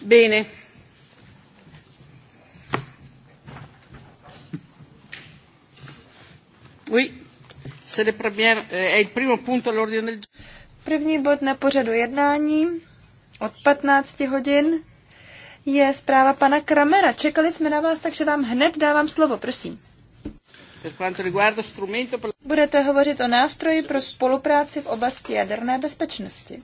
Bene. Oui. le premier, eh, primo punto del První bod na pořadu jednání od 15 hodin je zpráva pana Kramera. Čekali jsme na vás, takže vám hned dávám slovo, prosím. Budete hovořit o nástroji pro spolupráci v oblasti jaderné bezpečnosti.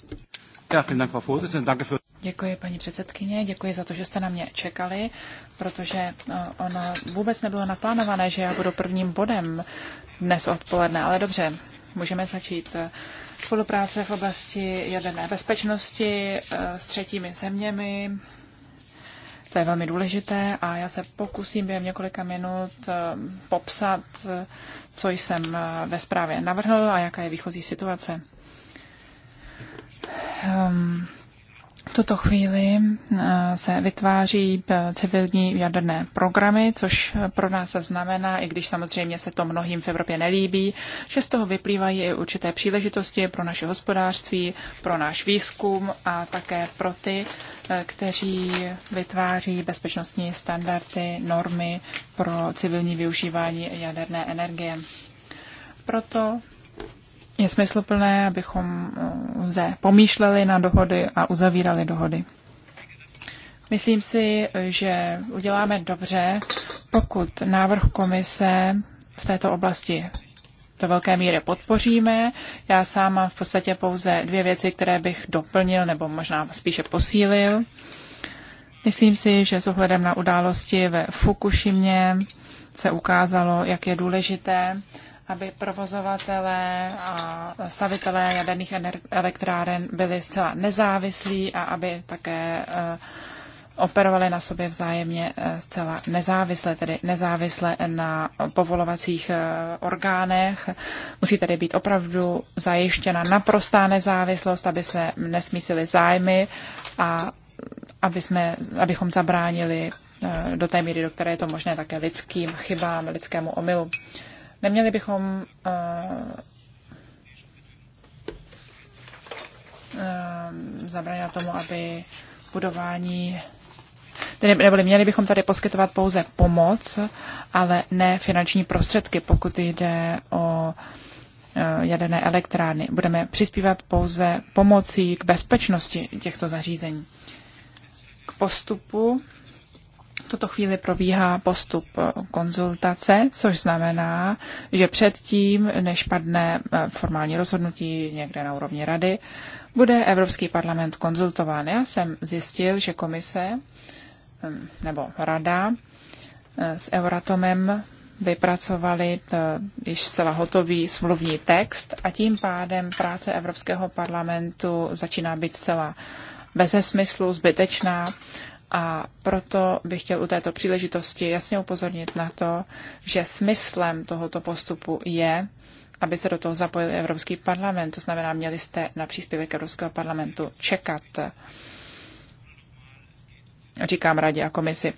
Děkuji, paní předsedkyně, děkuji za to, že jste na mě čekali, protože eh, ono vůbec nebylo naplánované, že já budu prvním bodem dnes odpoledne, ale dobře, můžeme začít. Spolupráce v oblasti jaderné bezpečnosti eh, s třetími zeměmi, to je velmi důležité a já se pokusím během několika minut eh, popsat, co jsem ve zprávě navrhl a jaká je výchozí situace. Ehm, v tuto chvíli eh, se vytváří eh, civilní jaderné programy, což eh, pro nás znamená, i když samozřejmě se to mnohým v Evropě nelíbí, že z toho vyplývají i určité příležitosti pro naše hospodářství, pro náš výzkum a také pro ty, kteří vytváří bezpečnostní standardy, normy pro civilní využívání jaderné energie. Proto je smysluplné, abychom eh, zde pomýšleli na dohody a uzavírali dohody. Myslím si, že uděláme dobře, pokud návrh komise v této oblasti do velké míry podpoříme. Já sám mám v podstatě pouze dvě věci, které bych doplnil nebo možná spíše posílil. Myslím si, že s ohledem na události ve Fukušimě se ukázalo, jak je důležité, aby provozovatelé a stavitelé jaderných elektráren byli zcela nezávislí a aby také eh, operovali na sobě vzájemně eh, zcela nezávisle, tedy nezávisle na povolovacích eh, orgánech. Musí tedy být opravdu zajištěna naprostá nezávislost, aby se nesmísily zájmy a aby jsme, abychom zabránili do té míry, do které je to možné, také lidským chybám, lidskému omylu. Neměli bychom eh, eh, zabránit tomu, aby budování Tedy, neboli měli bychom tady poskytovat pouze pomoc, ale ne finanční prostředky, pokud jde o eh, jaderné elektrárny. Budeme přispívat pouze pomocí k bezpečnosti těchto zařízení. K postupu tuto chvíli probíhá postup eh, konzultace, což znamená, že předtím, než padne eh, formální rozhodnutí někde na úrovni rady, bude Evropský parlament konzultován. Já jsem zjistil, že komise hm, nebo rada eh, s Euratomem vypracovali již zcela hotový smluvní text a tím pádem práce Evropského parlamentu začíná být zcela bez smyslu, zbytečná a proto bych chtěl u této příležitosti jasně upozornit na to, že smyslem tohoto postupu je, aby se do toho zapojil Evropský parlament. To znamená, měli jste na příspěvek Evropského parlamentu čekat. Říkám radě a komisi.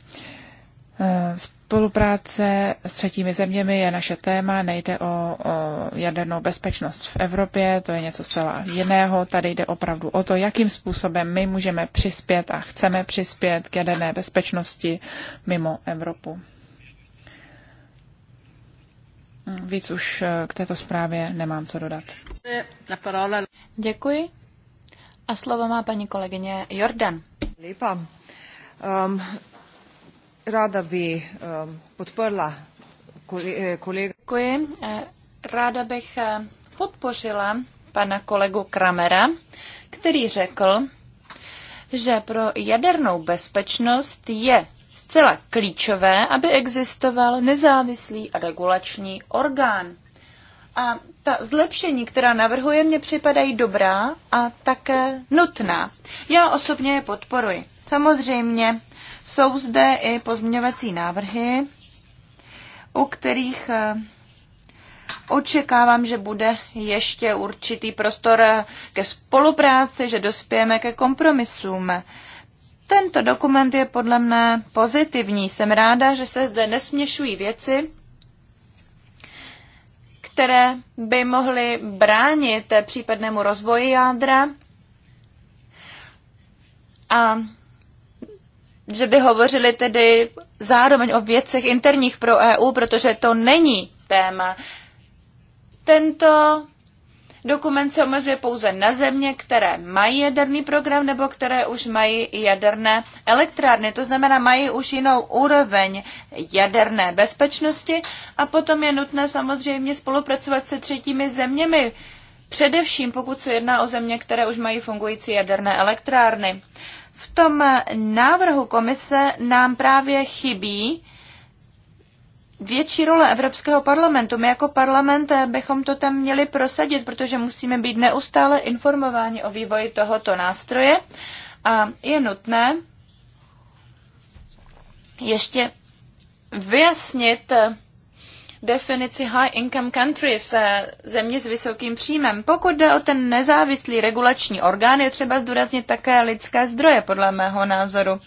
Eh, spolupráce s třetími zeměmi je naše téma, nejde o, o jadernou bezpečnost v Evropě, to je něco zcela jiného. Tady jde opravdu o to, jakým způsobem my můžeme přispět a chceme přispět k jaderné bezpečnosti mimo Evropu. Víc už eh, k této zprávě nemám co dodat. Děkuji. A slovo má paní kolegyně Jordan. Lípa. Um, Rada by eh, podprla eh, kolega. Děkuji. Eh, ráda bych podpořila pana kolegu Kramera, který řekl, že pro jadernou bezpečnost je zcela klíčové, aby existoval nezávislý regulační orgán. A ta zlepšení, která navrhuje, mě připadají dobrá a také nutná. Já osobně je podporuji. Samozřejmě jsou zde i pozměňovací návrhy, u kterých eh, očekávám, že bude ještě určitý prostor eh, ke spolupráci, že dospějeme ke kompromisům. Tento dokument je podle mne pozitivní. Jsem ráda, že se zde nesměšují věci, které by mohly bránit případnému rozvoji jádra. A že by hovořili tedy zároveň o věcech interních pro EU, protože to není téma. Tento dokument se omezuje pouze na země, které mají jaderný program nebo které už mají jaderné elektrárny. To znamená, mají už jinou úroveň jaderné bezpečnosti a potom je nutné samozřejmě spolupracovat se třetími zeměmi, Především pokud se jedná o země, které už mají fungující jaderné elektrárny. V tom návrhu komise nám právě chybí větší role Evropského parlamentu. My jako parlament bychom to tam měli prosadit, protože musíme být neustále informováni o vývoji tohoto nástroje a je nutné ještě vyjasnit definici high income countries, eh, země s vysokým příjmem. Pokud jde o ten nezávislý regulační orgán, je třeba zdůraznit také lidské zdroje, podle mého názoru,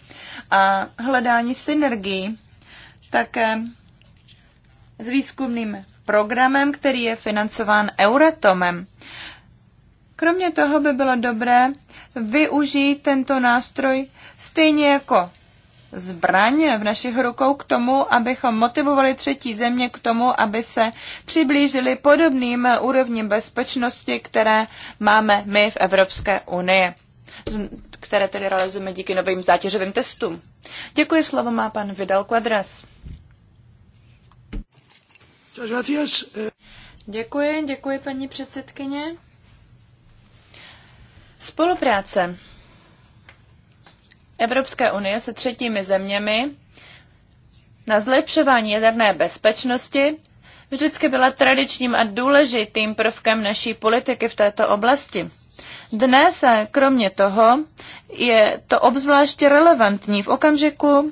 a hledání synergií také s výzkumným programem, který je financován Euratomem. Kromě toho by bylo dobré využít tento nástroj stejně jako zbraň v našich rukou k tomu, abychom motivovali třetí země k tomu, aby se přiblížili podobným úrovním bezpečnosti, které máme my v Evropské unii, které tedy realizujeme díky novým zátěžovým testům. Děkuji, slovo má pan Vidal Quadras. Děkuji, děkuji paní předsedkyně. Spolupráce Evropské unie se třetími zeměmi na zlepšování jaderné bezpečnosti vždycky byla tradičním a důležitým prvkem naší politiky v této oblasti. Dnes, kromě toho, je to obzvláště relevantní v okamžiku,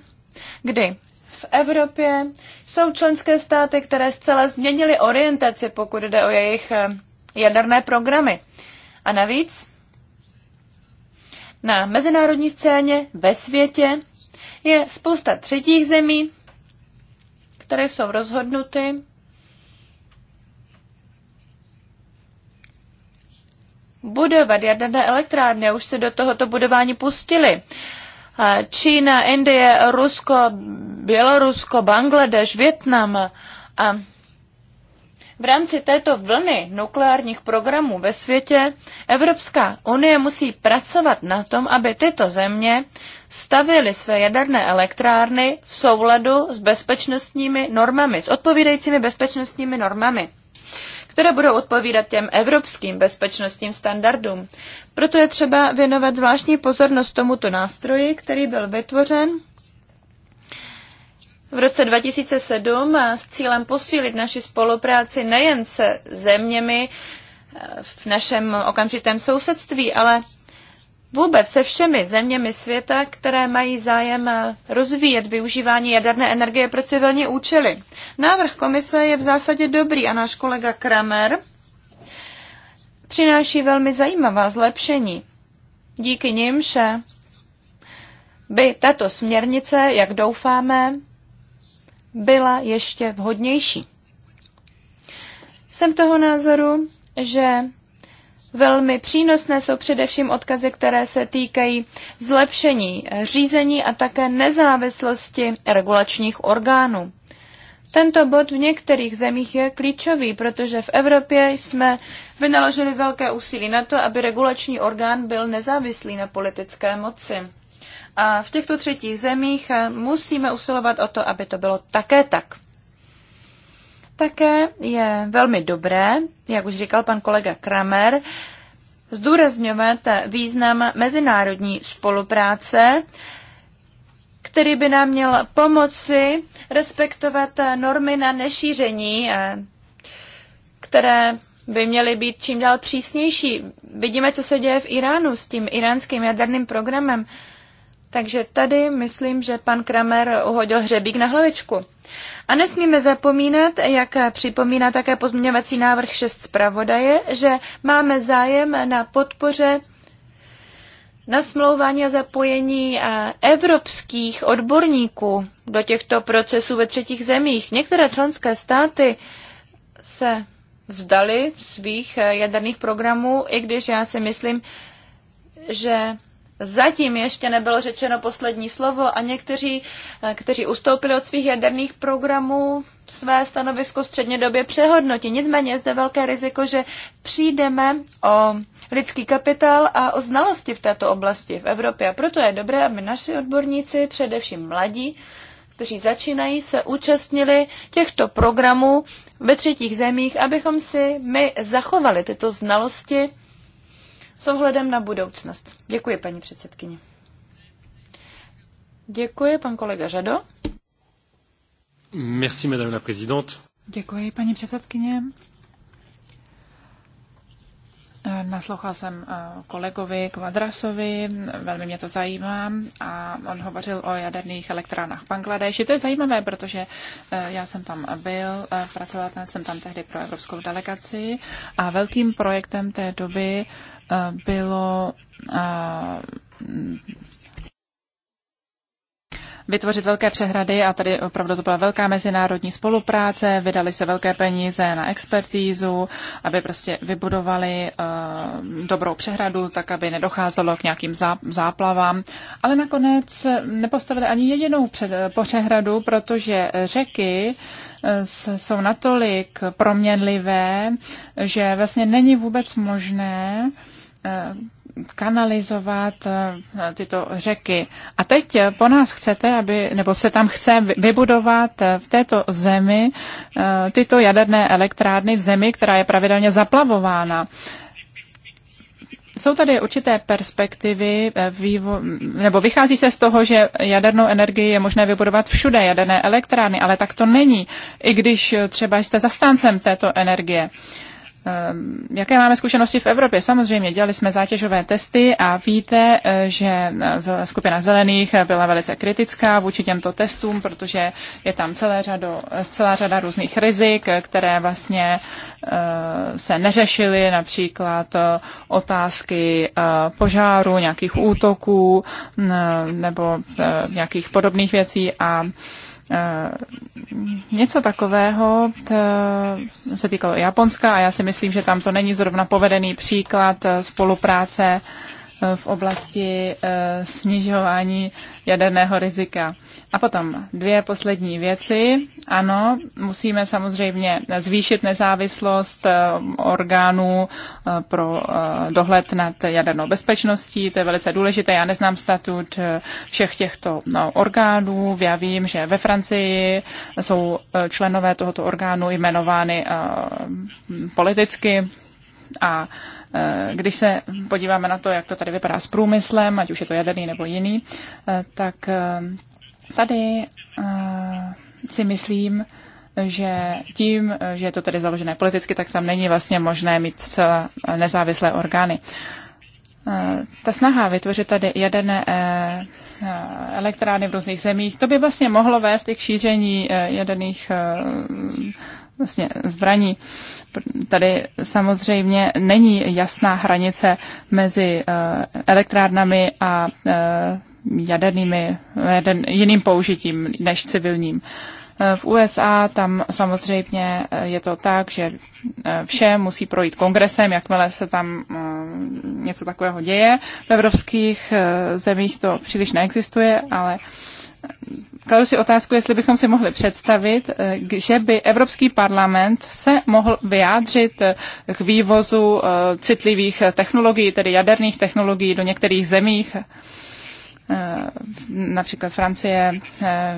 kdy v Evropě jsou členské státy, které zcela změnily orientaci, pokud jde o jejich eh, jaderné programy. A navíc na mezinárodní scéně, ve světě, je spousta třetích zemí, které jsou rozhodnuty budovat jaderné elektrárny už se do tohoto budování pustili. Čína, Indie, Rusko, Bělorusko, Bangladeš, Větnam a v rámci této vlny nukleárních programů ve světě Evropská unie musí pracovat na tom, aby tyto země stavěly své jaderné elektrárny v souladu s bezpečnostními normami, s odpovídajícími bezpečnostními normami které budou odpovídat těm evropským bezpečnostním standardům. Proto je třeba věnovat zvláštní pozornost tomuto nástroji, který byl vytvořen v roce 2007 s cílem posílit naši spolupráci nejen se zeměmi eh, v našem okamžitém sousedství, ale vůbec se všemi zeměmi světa, které mají zájem eh, rozvíjet využívání jaderné energie pro civilní účely. Návrh komise je v zásadě dobrý a náš kolega Kramer přináší velmi zajímavá zlepšení. Díky nimž eh, by tato směrnice, jak doufáme, byla ještě vhodnější. Jsem toho názoru, že velmi přínosné jsou především odkazy, které se týkají zlepšení řízení a také nezávislosti regulačních orgánů. Tento bod v některých zemích je klíčový, protože v Evropě jsme vynaložili velké úsilí na to, aby regulační orgán byl nezávislý na politické moci. A v těchto třetích zemích eh, musíme usilovat o to, aby to bylo také tak. Také je velmi dobré, jak už říkal pan kolega Kramer, zdůrazňovat význam mezinárodní spolupráce, který by nám měl pomoci respektovat normy na nešíření, eh, které by měly být čím dál přísnější. Vidíme, co se děje v Iránu s tím iránským jaderným programem. Takže tady myslím, že pan Kramer uhodil hřebík na hlavičku. A nesmíme zapomínat, jak připomíná také pozměňovací návrh 6 zpravodaje, že máme zájem na podpoře na smlouvání a zapojení eh, evropských odborníků do těchto procesů ve třetích zemích. Některé členské státy se vzdali svých eh, jaderných programů, i když já si myslím, že zatím ještě nebylo řečeno poslední slovo a někteří, eh, kteří ustoupili od svých jaderných programů, své stanovisko střednědobě přehodnotí. Nicméně je zde velké riziko, že přijdeme o lidský kapitál a o znalosti v této oblasti v Evropě. A proto je dobré, aby naši odborníci, především mladí, kteří začínají, se účastnili těchto programů ve třetích zemích, abychom si my zachovali tyto znalosti s ohledem na budoucnost. Děkuji, paní předsedkyně. Děkuji, pan kolega Žado. Merci, madame la présidente. Děkuji, paní předsedkyně. Naslouchal jsem eh, kolegovi Kvadrasovi, velmi mě to zajímá a on hovořil o jaderných elektrárnách v Bangladeši. To je zajímavé, protože eh, já jsem tam byl, eh, pracoval jsem tam tehdy pro evropskou delegaci a velkým projektem té doby Eh, bylo eh, vytvořit velké přehrady a tady opravdu to byla velká mezinárodní spolupráce, vydali se velké peníze na expertízu, aby prostě vybudovali uh, dobrou přehradu, tak aby nedocházelo k nějakým zá, záplavám. Ale nakonec nepostavili ani jedinou před, po přehradu, protože řeky jsou natolik proměnlivé, že vlastně není vůbec možné Eh, kanalizovat eh, tyto řeky. A teď po nás chcete, aby, nebo se tam chce vybudovat eh, v této zemi tyto jaderné elektrárny v zemi, která je pravidelně zaplavována. Jsou tady určité perspektivy, vývo, nebo vychází se z toho, že jadernou energii je možné vybudovat všude, jaderné elektrárny, ale tak to není, i když třeba jste zastáncem této energie. Uh, Ehm, jaké máme zkušenosti v Evropě? Samozřejmě, dělali jsme zátěžové testy a víte, eh, že skupina zelených byla velice kritická vůči těmto testům, protože je tam celé řado, celá řada různých rizik, které vlastně eh, se neřešily, například eh, otázky požáru, nějakých útoků nebo nějakých podobných věcí a Eh, něco takového se týkalo Japonska a já si myslím, že tam to není zrovna povedený příklad eh, spolupráce eh, v oblasti snižování jaderného rizika. A potom dvě poslední věci. Ano, musíme samozřejmě zvýšit nezávislost eh, orgánů eh, pro eh, dohled nad jadernou bezpečností. To je velice důležité. Já neznám statut všech těchto no, orgánů. Já vím, že ve Francii jsou členové tohoto orgánu jmenovány politicky a když se podíváme na to, jak to tady vypadá s průmyslem, ať už je to jaderný nebo jiný, tak Tady uh, si myslím, že tím, že je to tedy založené politicky, tak tam není vlastně možné mít zcela nezávislé orgány. Eh, ta snaha vytvořit tady jaderné eh, elektrárny v různých zemích, to by vlastně mohlo vést i k šíření jaderných vlastně zbraní. Tady samozřejmě není jasná hranice mezi eh, elektrárnami a eh, jadernými, jiným použitím než civilním. Eh, v USA tam samozřejmě je to tak, že vše musí projít kongresem, jakmile se tam něco takového děje. V evropských zemích to příliš neexistuje, ale kladu si otázku, jestli bychom si mohli představit, eh, že by Evropský parlament se mohl vyjádřit eh, k vývozu eh, citlivých technologií, tedy jaderných technologií do některých zemích, například Francie,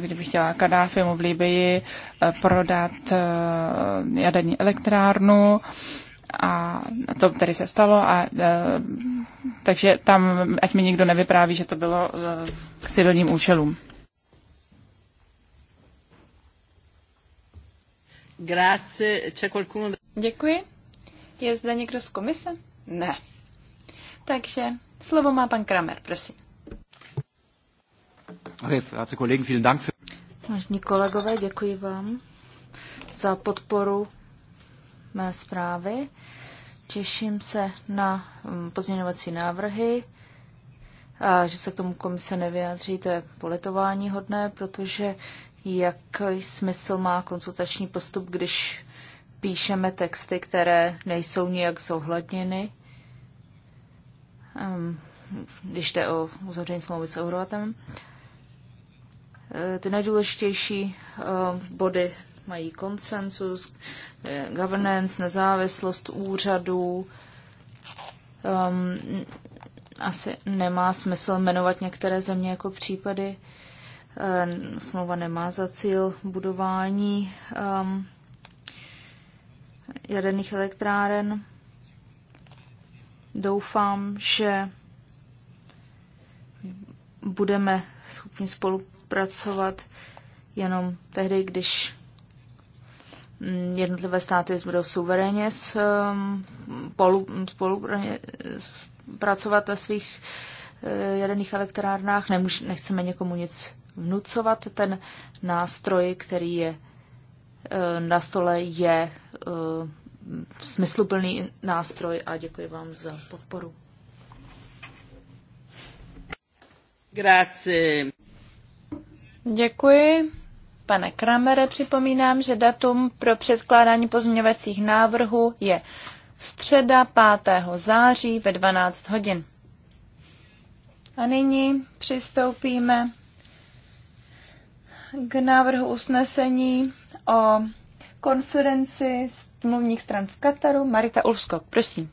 kdyby chtěla Kadáfimu v Libii prodat jaderní elektrárnu, a to tedy se stalo a takže tam, ať mi nikdo nevypráví, že to bylo k civilním účelům. Grazie. C'è qualcuno... Děkuji. Je zde někdo z komise? Ne. Takže slovo má pan Kramer, prosím. Vážení kolegové, děkuji vám za podporu mé zprávy. Těším se na mm, pozměňovací návrhy. A že se k tomu komise nevyjádří, to je poletování hodné, protože jaký smysl má konzultační postup, když píšeme texty, které nejsou nijak zohledněny, ehm, když jde o uzavření smlouvy s Euroatem. Eh, ty nejdůležitější eh, body mají konsensus, eh, governance, nezávislost úřadů. Um, asi nemá smysl jmenovat některé země jako případy. Uh, Eh, smlouva nemá za cíl budování um, jaderných elektráren. Doufám, že budeme schopni spolupracovat jenom tehdy, když mm, jednotlivé státy budou suverénně ehm, spolupracovat na svých eh, jaderných elektrárnách. Nemůž, nechceme někomu nic vnucovat. Ten nástroj, který je eh, na stole, je eh, smysluplný nástroj a děkuji vám za podporu. Grazie. Děkuji. Pane Kramere, připomínám, že datum pro předkládání pozměňovacích návrhů je středa 5. září ve 12 hodin. A nyní přistoupíme k návrhu usnesení o konferenci smluvních stran v Kataru. Marita Ulfskok, prosím.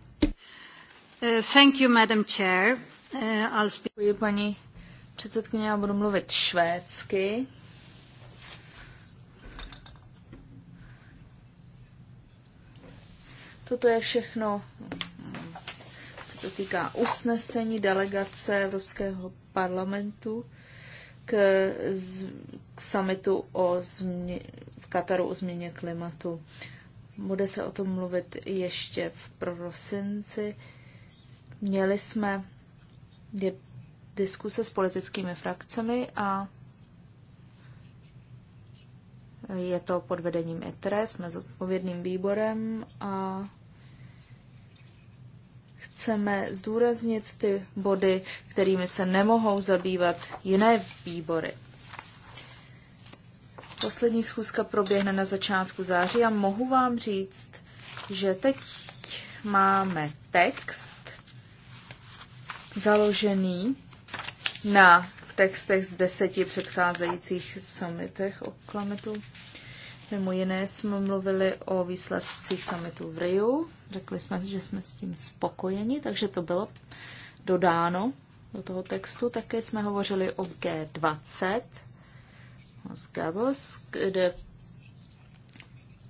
Eh, thank you, Madam Chair. Eh, I'll speak... Děkuji, paní předsedkyně, já budu mluvit švédsky. Toto je všechno, se to týká usnesení delegace Evropského parlamentu k, z, k summitu o změ, v Kataru o změně klimatu. Bude se o tom mluvit ještě v prosinci. Měli jsme je, diskuse s politickými frakcemi a je to pod vedením ITRE, jsme zodpovědným výborem a chceme zdůraznit ty body, kterými se nemohou zabývat jiné výbory. Poslední schůzka proběhne na začátku září a mohu vám říct, že teď máme text založený na textech z deseti předcházejících summitech o klametu. Mimo jiné jsme mluvili o výsledcích summitu v Riu. Řekli jsme, že jsme s tím spokojeni, takže to bylo dodáno do toho textu. Také jsme hovořili o G20 z Gavos, kde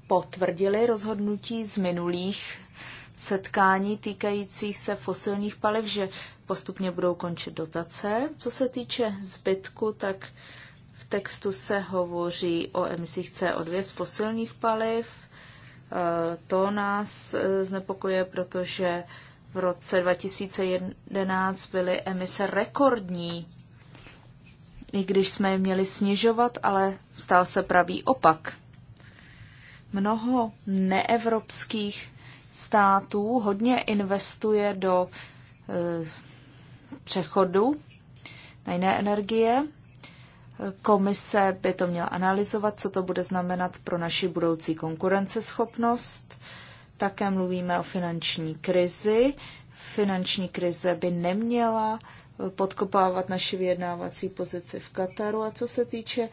potvrdili rozhodnutí z minulých setkání týkajících se fosilních paliv, že postupně budou končit dotace. Co se týče zbytku, tak textu se hovoří o emisích CO2 z fosilních paliv. E, to nás e, znepokuje, protože v roce 2011 byly emise rekordní, i když jsme je měli snižovat, ale stál se pravý opak. Mnoho neevropských států hodně investuje do e, přechodu na jiné energie Komise by to měla analyzovat, co to bude znamenat pro naši budoucí konkurenceschopnost. Také mluvíme o finanční krizi. Finanční krize by neměla podkopávat naši vyjednávací pozici v Kataru. A co se týče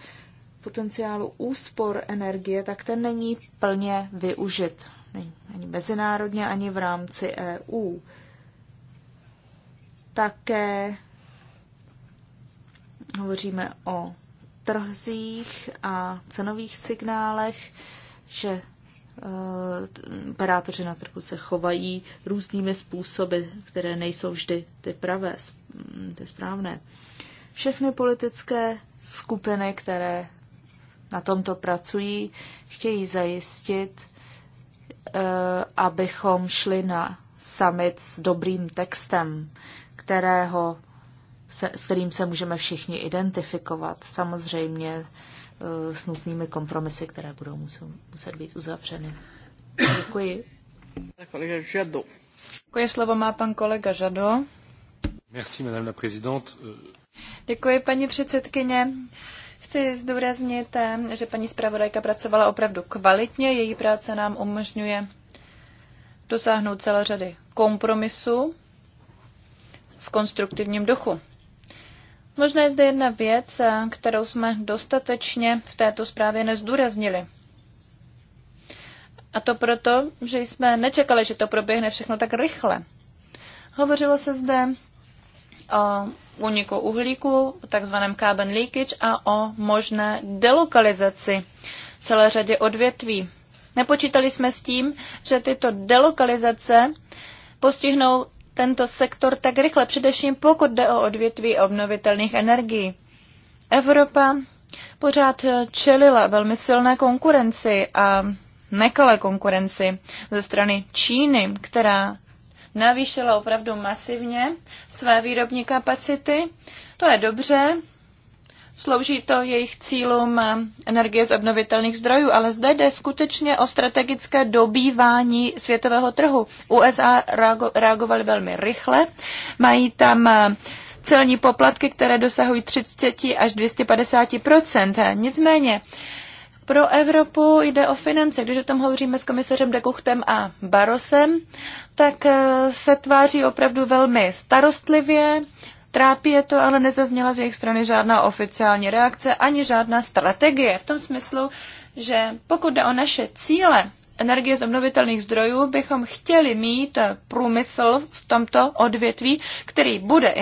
potenciálu úspor energie, tak ten není plně využit. Není ani mezinárodně, ani v rámci EU. Také Hovoříme o trzích a cenových signálech, že eh, operátoři na trhu se chovají různými způsoby, které nejsou vždy ty pravé, mm, ty správné. Všechny politické skupiny, které na tomto pracují, chtějí zajistit, eh, abychom šli na summit s dobrým textem, kterého se, s kterým se můžeme všichni identifikovat, samozřejmě eh, s nutnými kompromisy, které budou muset, muset být uzavřeny. Děkuji. Kolega Žado. Děkuji, slovo má pan kolega Žado. Merci, madame la présidente. Děkuji, paní předsedkyně. Chci zdůraznit, eh, že paní zpravodajka pracovala opravdu kvalitně. Její práce nám umožňuje dosáhnout celé řady kompromisů v konstruktivním duchu. Možná je zde jedna věc, eh, kterou jsme dostatečně v této zprávě nezdůraznili. A to proto, že jsme nečekali, že to proběhne všechno tak rychle. Hovořilo se zde o uniku uhlíku, o takzvaném carbon leakage a o možné delokalizaci celé řadě odvětví. Nepočítali jsme s tím, že tyto delokalizace postihnou tento sektor tak rychle, především pokud jde o odvětví obnovitelných energií. Evropa pořád čelila velmi silné konkurenci a nekalé konkurenci ze strany Číny, která navýšila opravdu masivně své výrobní kapacity. To je dobře, Slouží to jejich cílům energie z obnovitelných zdrojů, ale zde jde skutečně o strategické dobývání světového trhu. USA reago- reagovaly velmi rychle, mají tam eh, celní poplatky, které dosahují 30 až 250 Nicméně pro Evropu jde o finance. Když o tom hovoříme s komisařem de Guchtem a Barosem, tak eh, se tváří opravdu velmi starostlivě, Trápí je to, ale nezazněla z jejich strany žádná oficiální reakce ani žádná strategie. V tom smyslu, že pokud jde o naše cíle energie z obnovitelných zdrojů, bychom chtěli mít průmysl v tomto odvětví, který bude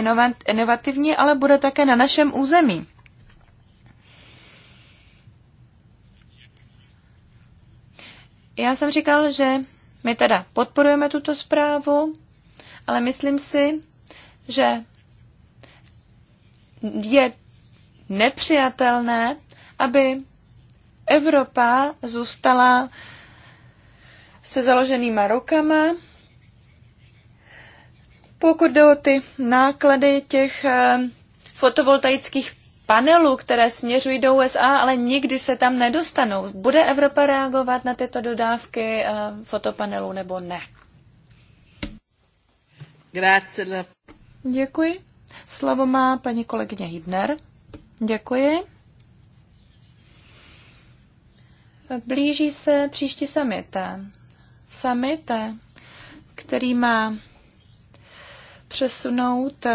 inovativní, ale bude také na našem území. Já jsem říkal, že my teda podporujeme tuto zprávu, ale myslím si, že je nepřijatelné, aby Evropa zůstala se založenýma rukama. Pokud jde o ty náklady těch eh, fotovoltaických panelů, které směřují do USA, ale nikdy se tam nedostanou. Bude Evropa reagovat na tyto dodávky eh, fotopanelů nebo ne? Grazie. Děkuji. Slovo má paní kolegyně Hibner. Děkuji. Blíží se příští summit. Summit, který má přesunout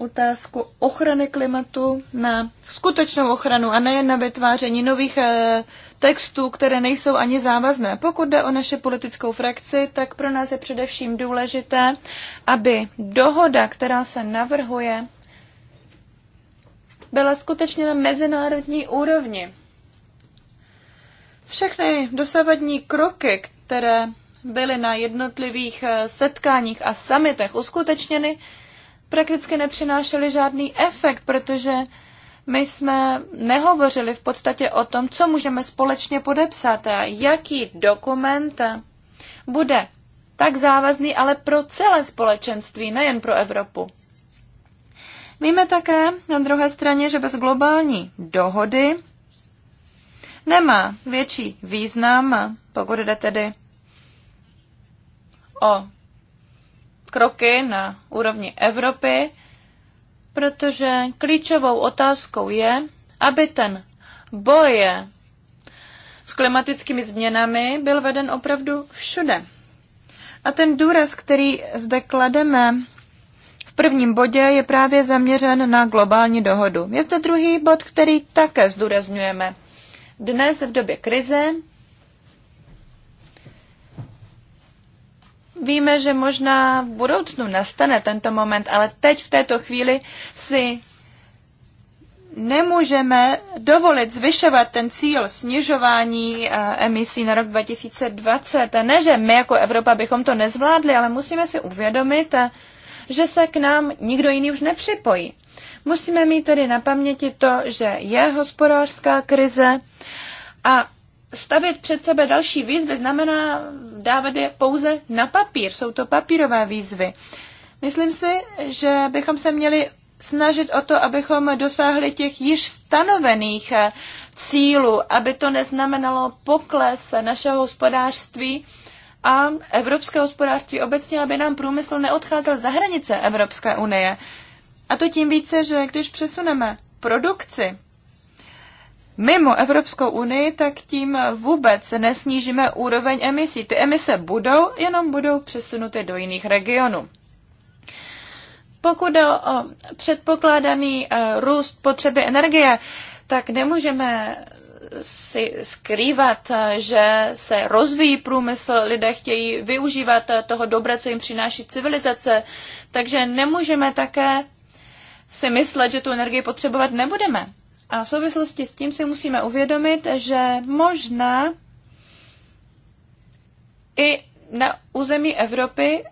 otázku ochrany klimatu na skutečnou ochranu a nejen na vytváření nových eh, textů, které nejsou ani závazné. Pokud jde o naše politickou frakci, tak pro nás je především důležité, aby dohoda, která se navrhuje, byla skutečně na mezinárodní úrovni. Všechny dosavadní kroky, které byly na jednotlivých eh, setkáních a samitech uskutečněny, prakticky nepřinášely žádný efekt, protože my jsme nehovořili v podstatě o tom, co můžeme společně podepsat a jaký dokument bude tak závazný, ale pro celé společenství, nejen pro Evropu. Víme také na druhé straně, že bez globální dohody nemá větší význam, pokud jde tedy o kroky na úrovni Evropy, protože klíčovou otázkou je, aby ten boj s klimatickými změnami byl veden opravdu všude. A ten důraz, který zde klademe v prvním bodě, je právě zaměřen na globální dohodu. Je zde druhý bod, který také zdůrazňujeme. Dnes v době krize víme, že možná v budoucnu nastane tento moment, ale teď v této chvíli si nemůžeme dovolit zvyšovat ten cíl snižování eh, emisí na rok 2020. Ne, že my jako Evropa bychom to nezvládli, ale musíme si uvědomit, eh, že se k nám nikdo jiný už nepřipojí. Musíme mít tedy na paměti to, že je hospodářská krize a stavět před sebe další výzvy znamená dávat je pouze na papír. Jsou to papírové výzvy. Myslím si, že bychom se měli snažit o to, abychom dosáhli těch již stanovených eh, cílů, aby to neznamenalo pokles našeho hospodářství a evropské hospodářství obecně, aby nám průmysl neodcházel za hranice Evropské unie. A to tím více, že když přesuneme produkci mimo Evropskou unii, tak tím vůbec nesnížíme úroveň emisí. Ty emise budou, jenom budou přesunuty do jiných regionů. Pokud o předpokládaný e, růst potřeby energie, tak nemůžeme si skrývat, e, že se rozvíjí průmysl, lidé chtějí využívat e, toho dobra, co jim přináší civilizace, takže nemůžeme také si myslet, že tu energii potřebovat nebudeme. A v souvislosti s tím si musíme uvědomit, že možná i na území Evropy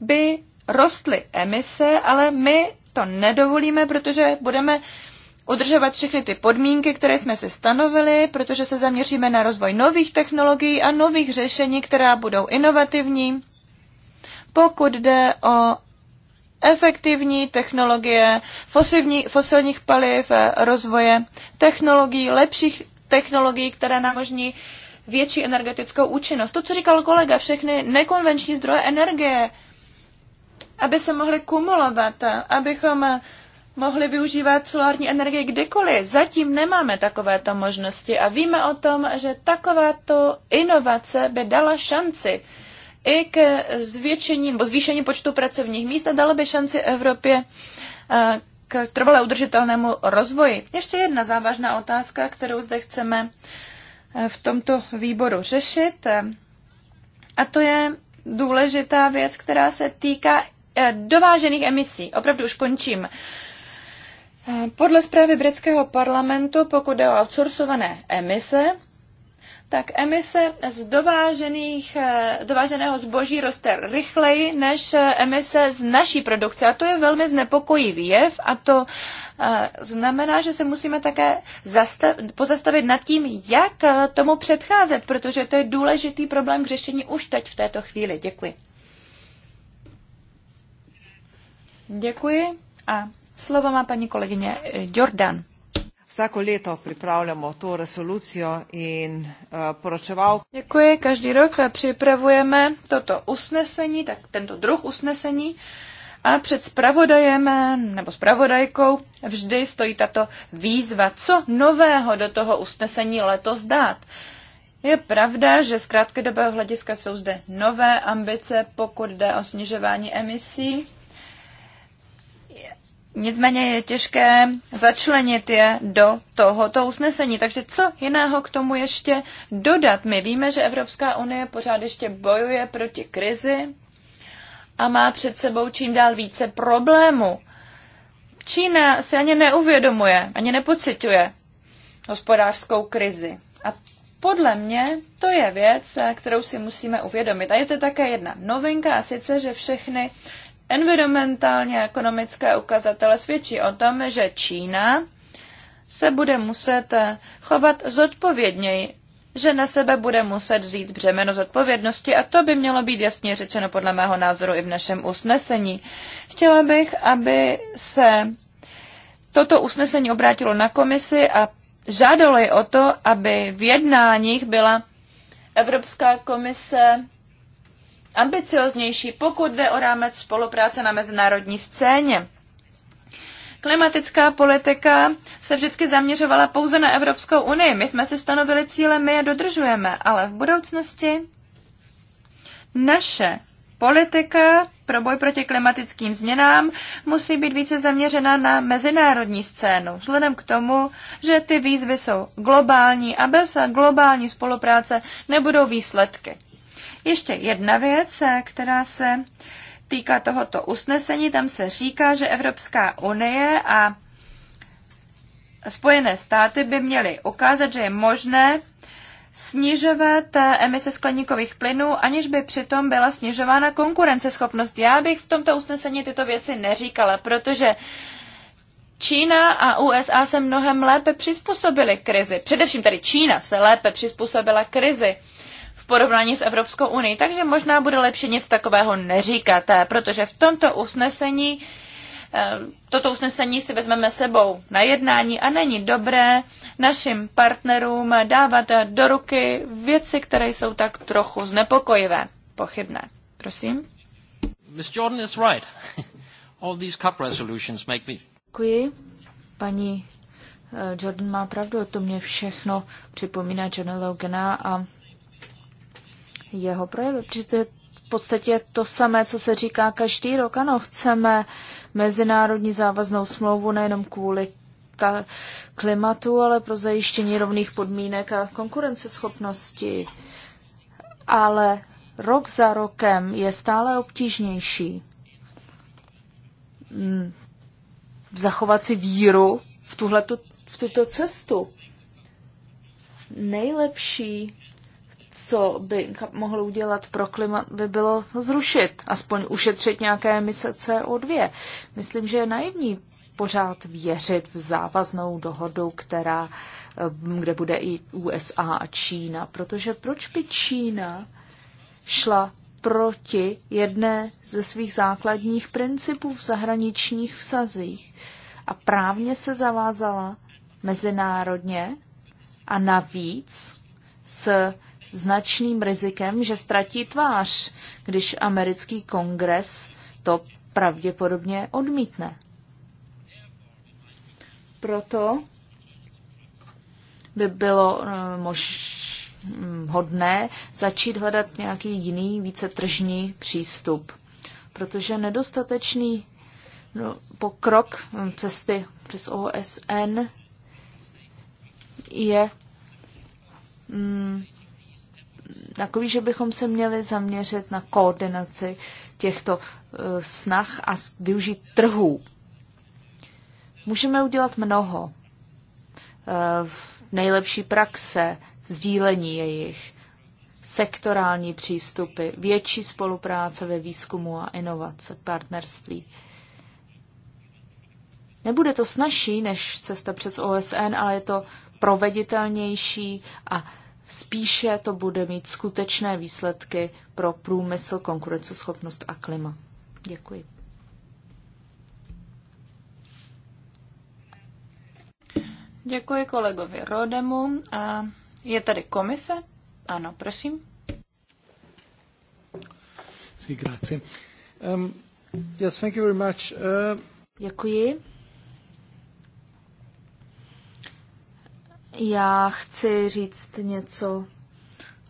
by rostly emise, ale my to nedovolíme, protože budeme udržovat všechny ty podmínky, které jsme se stanovili, protože se zaměříme na rozvoj nových technologií a nových řešení, která budou inovativní. Pokud jde o efektivní technologie fosilní, fosilních paliv, rozvoje technologií, lepších technologií, které nám možní větší energetickou účinnost. To, co říkal kolega, všechny nekonvenční zdroje energie, aby se mohly kumulovat, abychom mohli využívat solární energii kdykoliv. Zatím nemáme takovéto možnosti a víme o tom, že takováto inovace by dala šanci i k zvětšení nebo zvýšení počtu pracovních míst a dalo by šanci Evropě eh, k trvale udržitelnému rozvoji. Ještě jedna závažná otázka, kterou zde chceme eh, v tomto výboru řešit, eh, a to je důležitá věc, která se týká dovážených emisí. Opravdu už končím. Podle zprávy britského parlamentu, pokud jde o outsourcované emise, tak emise z dovážených, eh, dováženého zboží roste rychleji než eh, emise z naší produkce. A to je velmi znepokojivý jev a to eh, znamená, že se musíme také pozastavit nad tím, jak tomu předcházet, protože to je důležitý problém k řešení už teď v této chvíli. Děkuji. Děkuji a slovo má paní kolegyně Jordan. Vsako leto připravujeme to resolucijo in eh, poročeval. Děkuji, každý rok eh, připravujeme toto usnesení, tak tento druh usnesení. A před spravodajem eh, nebo spravodajkou vždy stojí tato výzva, co nového do toho usnesení letos dát. Je pravda, že z krátkodobého hlediska jsou zde nové ambice, pokud jde o snižování emisí. Nicméně je těžké začlenit je do tohoto usnesení. Takže co jiného k tomu ještě dodat? My víme, že Evropská unie pořád ještě bojuje proti krizi a má před sebou čím dál více problémů. Čína se ani neuvědomuje, ani nepocituje hospodářskou krizi. A podle mě to je věc, kterou si musíme uvědomit. A je to také jedna novinka, a sice, že všechny Environmentálně ekonomické ukazatele svědčí o tom, že Čína se bude muset chovat zodpovědněji, že na sebe bude muset vzít břemeno zodpovědnosti a to by mělo být jasně řečeno podle mého názoru i v našem usnesení. Chtěla bych, aby se toto usnesení obrátilo na komisi a žádalo je o to, aby v jednáních byla Evropská komise ambicioznější, pokud jde o rámec spolupráce na mezinárodní scéně. Klimatická politika se vždycky zaměřovala pouze na Evropskou unii. My jsme si stanovili cíle, my je dodržujeme, ale v budoucnosti naše politika pro boj proti klimatickým změnám musí být více zaměřena na mezinárodní scénu, vzhledem k tomu, že ty výzvy jsou globální a bez globální spolupráce nebudou výsledky. Ještě jedna věc, eh, která se týká tohoto usnesení, tam se říká, že Evropská unie a Spojené státy by měly ukázat, že je možné snižovat eh, emise skleníkových plynů, aniž by přitom byla snižována konkurenceschopnost. Já bych v tomto usnesení tyto věci neříkala, protože Čína a USA se mnohem lépe přizpůsobily krizi. Především tady Čína se lépe přizpůsobila krizi v porovnání s Evropskou unii. Takže možná bude lepší nic takového neříkat, eh, protože v tomto usnesení eh, Toto usnesení si vezmeme sebou na jednání a není dobré našim partnerům dávat do ruky věci, které jsou tak trochu znepokojivé. Pochybné. Prosím. Miss Jordan is right. All these cup resolutions make me... Děkuji. Paní eh, Jordan má pravdu, to mě všechno připomíná Johna Logana a jeho projevy, protože to je v podstatě to samé, co se říká každý rok. Ano, chceme mezinárodní závaznou smlouvu nejenom kvůli klimatu, ale pro zajištění rovných podmínek a konkurenceschopnosti. Ale rok za rokem je stále obtížnější mm, zachovat si víru v, tuhletu, v tuto cestu. Nejlepší co by mohlo udělat pro klima, by bylo zrušit, aspoň ušetřit nějaké emise CO2. Myslím, že je naivní pořád věřit v závaznou dohodu, která, eh, kde bude i USA a Čína. Protože proč by Čína šla proti jedné ze svých základních principů v zahraničních vsazích a právně se zavázala mezinárodně a navíc s značným rizikem, že ztratí tvář, když americký kongres to pravděpodobně odmítne. Proto by bylo eh, mož, hm, hodné začít hledat nějaký jiný, více tržní přístup, protože nedostatečný no, pokrok hm, cesty přes OSN je mm, takový, že bychom se měli zaměřit na koordinaci těchto eh, snah a využít trhů. Můžeme udělat mnoho. Eh, nejlepší praxe, sdílení jejich, sektorální přístupy, větší spolupráce ve výzkumu a inovace, partnerství. Nebude to snažší než cesta přes OSN, ale je to proveditelnější a spíše to bude mít skutečné výsledky pro průmysl, konkurenceschopnost a klima. Děkuji. Děkuji kolegovi Rodemu. A je tady komise? Ano, prosím. Děkuji. grazie. Um, yes, thank you very much. Uh, Děkuji. Já chci říct něco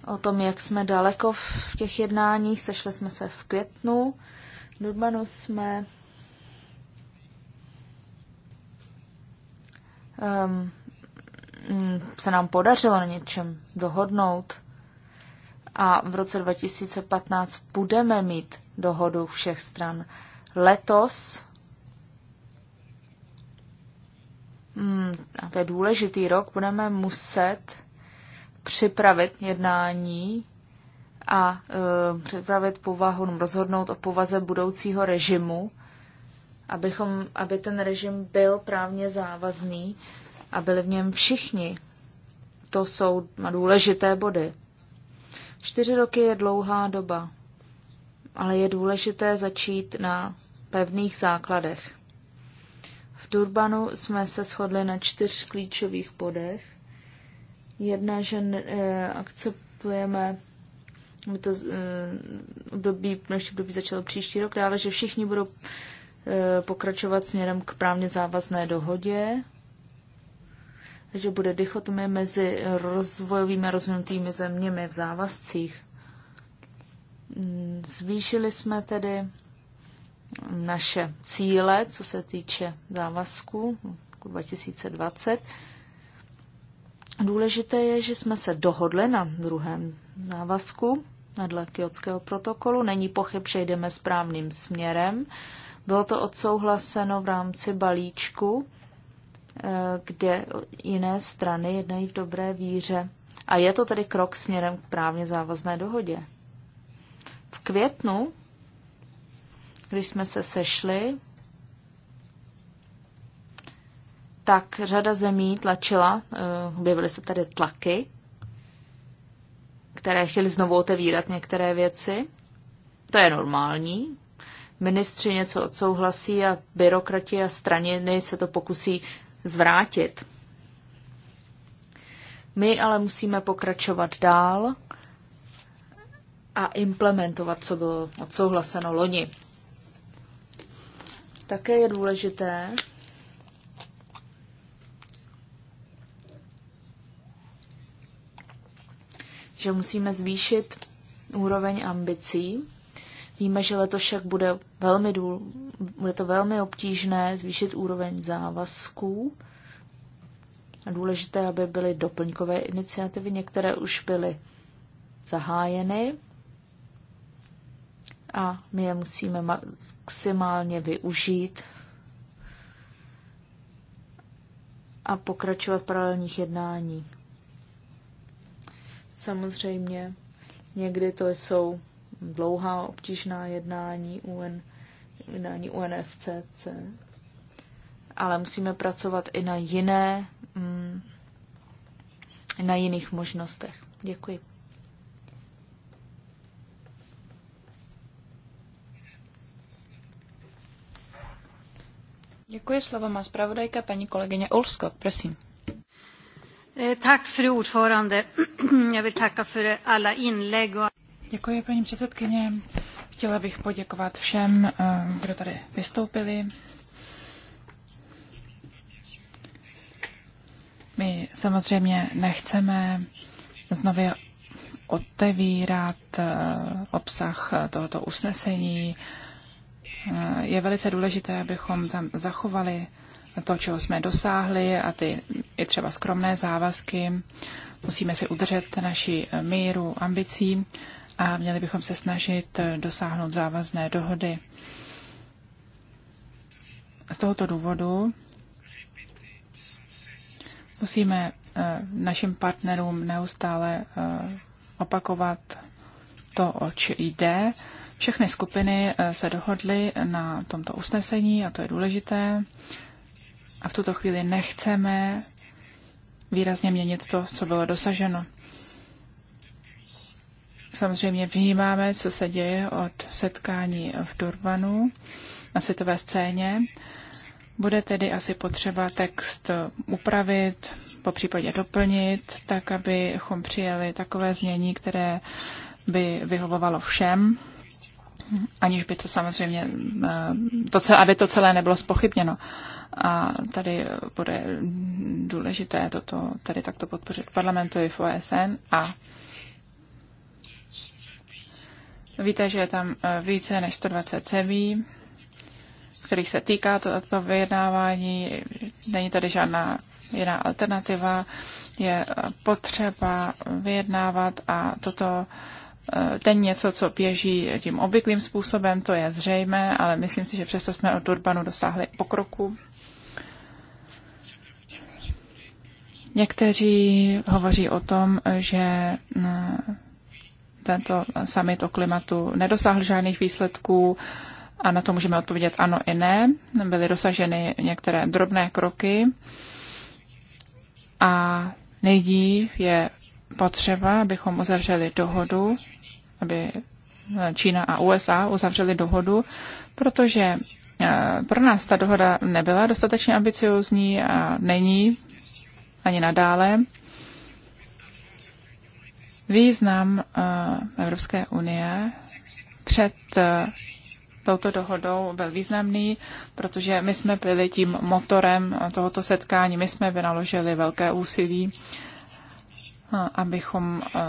o tom, jak jsme daleko v těch jednáních. Sešli jsme se v květnu. V Durbanu jsme um, mm, se nám podařilo na něčem dohodnout a v roce 2015 budeme mít dohodu všech stran. Letos hmm, a to je důležitý rok, budeme muset připravit jednání a e, připravit povahu, rozhodnout o povaze budoucího režimu, abychom, aby ten režim byl právně závazný a byli v něm všichni. To jsou důležité body. Čtyři roky je dlouhá doba, ale je důležité začít na pevných základech. V Durbanu jsme se shodli na čtyř klíčových bodech. Jedna, že e, akceptujeme aby to e, období, naše období začalo příští rok, dále, že všichni budou e, pokračovat směrem k právně závazné dohodě, že bude dichotomie mezi rozvojovými a rozvinutými zeměmi v závazcích. Mm, zvýšili jsme tedy naše cíle, co se týče závazků 2020. Důležité je, že jsme se dohodli na druhém závazku dle Kyotského protokolu. Není pochyb, že jdeme správným směrem. Bylo to odsouhlaseno v rámci balíčku, eh, kde jiné strany jednají v dobré víře. A je to tedy krok směrem k právně závazné dohodě. V květnu když jsme se sešli, tak řada zemí tlačila, eh, objevily se tady tlaky, které chtěli znovu otevírat některé věci. To je normální. Ministři něco odsouhlasí a byrokrati a straniny se to pokusí zvrátit. My ale musíme pokračovat dál a implementovat, co bylo odsouhlaseno loni. Také je důležité, že musíme zvýšit úroveň ambicí. Víme, že letos však bude, velmi důl, bude to velmi obtížné zvýšit úroveň závazků. A důležité, aby byly doplňkové iniciativy. Některé už byly zahájeny, a my je musíme maximálně využít a pokračovat v paralelních jednání. Samozřejmě někdy to jsou dlouhá obtížná jednání UN, jednání UNFCC, ale musíme pracovat i na jiné, mm, na jiných možnostech. Děkuji. Děkuji, slovo má zpravodajka paní kolegyně Ulskok, prosím. Eh, tak, fru ordförande. Já vill tacka för alla inlägg. Děkuji, paní předsedkyně. Chtěla bych poděkovat všem, eh, kdo tady vystoupili. My samozřejmě nechceme znovu otevírat eh, obsah tohoto usnesení. Eh, je velice důležité, abychom tam zachovali to, čeho jsme dosáhli a ty i třeba skromné závazky. Musíme si udržet naši míru ambicí a měli bychom se snažit eh, dosáhnout závazné dohody. Z tohoto důvodu musíme eh, našim partnerům neustále opakovat to, oč jde všechny skupiny eh, se dohodly na tomto usnesení a to je důležité. A v tuto chvíli nechceme výrazně měnit to, co bylo dosaženo. Samozřejmě vnímáme, co se děje od setkání v Durbanu na světové scéně. Bude tedy asi potřeba text upravit, po případě doplnit, tak abychom přijeli takové znění, které by vyhovovalo všem aniž by to samozřejmě, eh, to celé, aby to celé nebylo spochybněno. A tady bude důležité toto tady takto podpořit v parlamentu i v OSN a víte, že je tam eh, více než 120 zemí, kterých se týká to, to vyjednávání. Není tady žádná jiná alternativa. Je potřeba vyjednávat a toto Eh, ten něco, co běží tím obvyklým způsobem, to je zřejmé, ale myslím si, že přesto jsme od Durbanu dosáhli pokroku. Někteří hovoří o tom, že eh, tento summit o klimatu nedosáhl žádných výsledků a na to můžeme odpovědět ano i ne. Byly dosaženy některé drobné kroky a nejdív je potřeba, abychom uzavřeli dohodu aby eh, Čína a USA uzavřeli dohodu, protože eh, pro nás ta dohoda nebyla dostatečně ambiciozní a není ani nadále. Význam eh, Evropské unie před touto dohodou byl významný, protože my jsme byli tím motorem tohoto setkání, my jsme vynaložili velké úsilí abychom eh,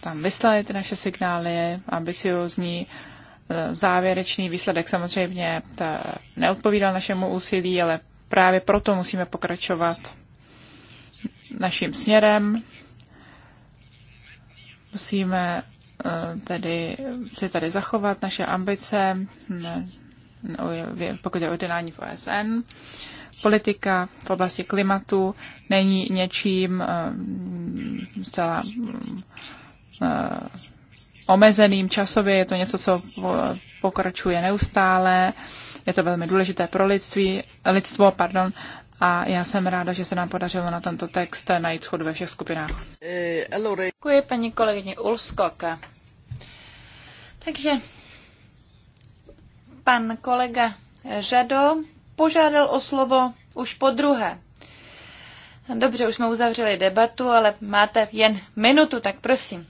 tam vyslali ty naše signály, ambiciozní eh, závěrečný výsledek samozřejmě neodpovídal našemu úsilí, ale právě proto musíme pokračovat naším směrem. Musíme eh, tedy si tady zachovat naše ambice, pokud je o v OSN politika v oblasti klimatu není něčím eh, zcela eh, omezeným časově, je to něco, co eh, pokračuje neustále, je to velmi důležité pro lidství, lidstvo pardon, a já jsem ráda, že se nám podařilo na tento text najít schodu ve všech skupinách. Děkuji paní kolegyně Ulskok. Takže pan kolega Žado požádal o slovo už po druhé. Dobře, už jsme uzavřeli debatu, ale máte jen minutu, tak prosím.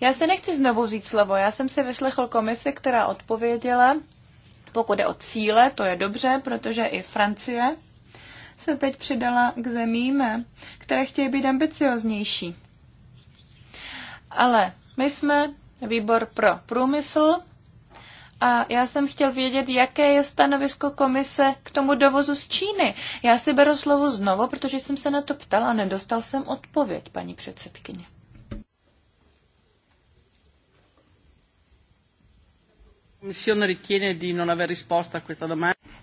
Já se nechci znovu vzít slovo. Já jsem si vyslechl komisi, která odpověděla, pokud je o cíle, to je dobře, protože i Francie se teď přidala k zemím, které chtějí být ambicioznější. Ale my jsme výbor pro průmysl a já jsem chtěl vědět, jaké je stanovisko komise k tomu dovozu z Číny. Já si beru slovo znovu, protože jsem se na to ptal a nedostal jsem odpověď, paní předsedkyně.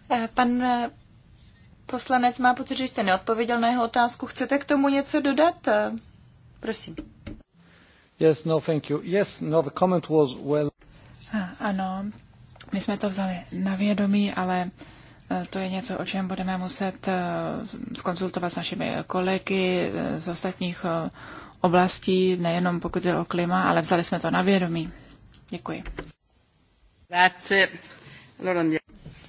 Eh, pan eh, poslanec má pocit, že jste neodpověděl na jeho otázku. Chcete k tomu něco dodat? Eh, prosím. Yes, no, thank you. Yes, no, the comment was well... Ah, ano, my jsme to vzali na vědomí, ale eh, to je něco, o čem budeme muset eh, skonzultovat s našimi kolegy eh, z ostatních oblastí, nejenom pokud je o klima, ale vzali jsme to na vědomí. Děkuji.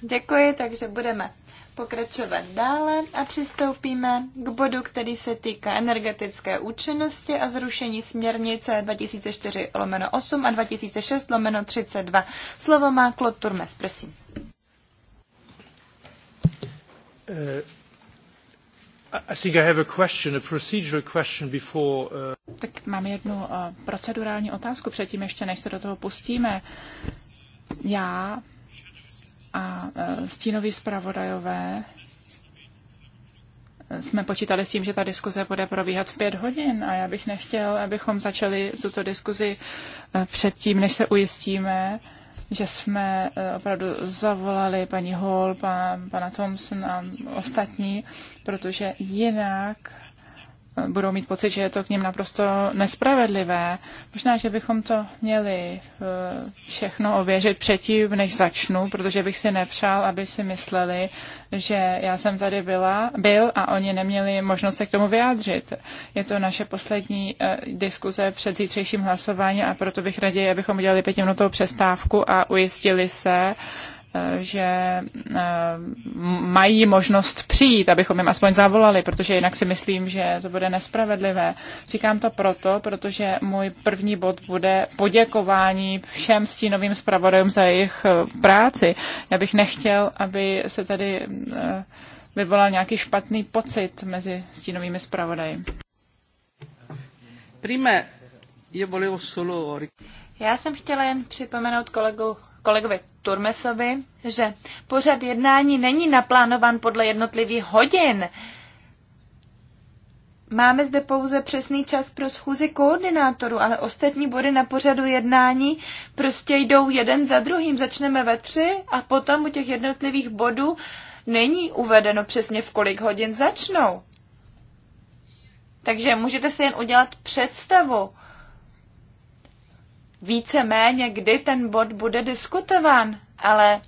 Děkuji, takže budeme pokračovat dále a přistoupíme k bodu, který se týká energetické účinnosti a zrušení směrnice 2004 lomeno 8 a 2006 lomeno 32. Slovo má Klod Turmes, prosím. Uh, I think I have a question, a procedural question before... Uh, tak mám jednu uh, procedurální otázku předtím, ještě než se do toho pustíme. Já a e, stínoví zpravodajové e, jsme počítali s tím, že ta diskuze bude probíhat pět hodin a já bych nechtěl, abychom začali tuto diskuzi e, předtím, než se ujistíme, že jsme opravdu zavolali paní Hall, pana, pana Thompson a ostatní, protože jinak budou mít pocit, že je to k ním naprosto nespravedlivé. Možná, že bychom to měli eh, všechno ověřit předtím, než začnu, protože bych si nepřál, aby si mysleli, že já jsem tady byla, byl a oni neměli možnost se k tomu vyjádřit. Je to naše poslední eh, diskuze před zítřejším hlasováním a proto bych raději, abychom udělali pětiminutovou přestávku a ujistili se, že eh, mají možnost přijít, abychom jim aspoň zavolali, protože jinak si myslím, že to bude nespravedlivé. Říkám to proto, protože můj první bod bude poděkování všem stínovým zpravodajům za jejich eh, práci. Já bych nechtěl, aby se tady eh, vyvolal nějaký špatný pocit mezi stínovými zpravodaji. Prima, Je solo... Já jsem chtěla jen připomenout kolegu kolegovi Turmesovi, že pořad jednání není naplánovan podle jednotlivých hodin. Máme zde pouze přesný čas pro schůzi koordinátoru, ale ostatní body na pořadu jednání prostě jdou jeden za druhým. Začneme ve tři a potom u těch jednotlivých bodů není uvedeno přesně v kolik hodin začnou. Takže můžete si jen udělat představu, více méně, kdy ten bod bude diskutován, ale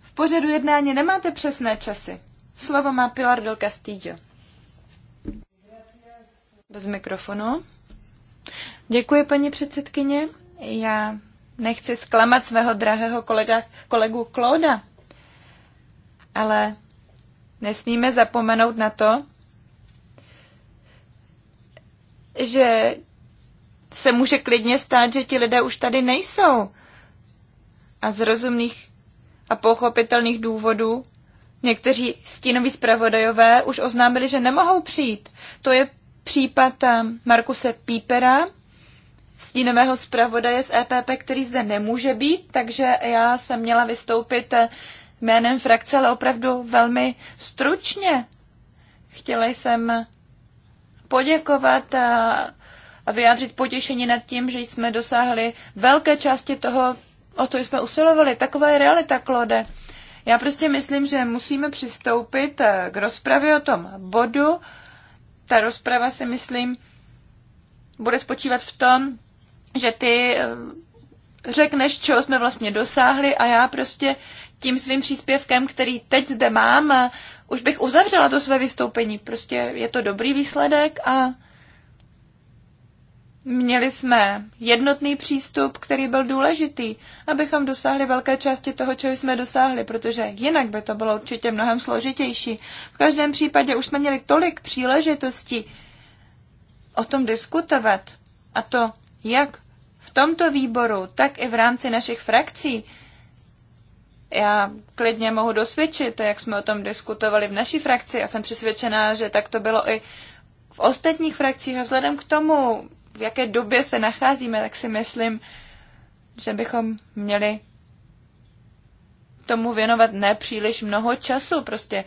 v pořadu jednání nemáte přesné časy. Slovo má Pilar del Castillo. Bez mikrofonu. Děkuji, paní předsedkyně. Já nechci zklamat svého drahého kolega, kolegu Klauda, ale nesmíme zapomenout na to, že se může klidně stát, že ti lidé už tady nejsou. A z rozumných a pochopitelných důvodů někteří stínoví zpravodajové už oznámili, že nemohou přijít. To je případ eh, Markuse Pípera, stínového zpravodaje z EPP, který zde nemůže být, takže já jsem měla vystoupit eh, jménem frakce, ale opravdu velmi stručně. Chtěla jsem poděkovat eh, a vyjádřit potěšení nad tím, že jsme dosáhli velké části toho, o to jsme usilovali. Taková je realita, Klode. Já prostě myslím, že musíme přistoupit eh, k rozpravě o tom bodu. Ta rozprava si myslím bude spočívat v tom, že ty eh, řekneš, čeho jsme vlastně dosáhli a já prostě tím svým příspěvkem, který teď zde mám, eh, už bych uzavřela to své vystoupení. Prostě je to dobrý výsledek a Měli jsme jednotný přístup, který byl důležitý, abychom dosáhli velké části toho, čeho jsme dosáhli, protože jinak by to bylo určitě mnohem složitější. V každém případě už jsme měli tolik příležitostí o tom diskutovat, a to jak v tomto výboru, tak i v rámci našich frakcí. Já klidně mohu dosvědčit, jak jsme o tom diskutovali v naší frakci a jsem přesvědčená, že tak to bylo i v ostatních frakcích a vzhledem k tomu, v jaké době se nacházíme, tak si myslím, že bychom měli tomu věnovat nepříliš mnoho času. Prostě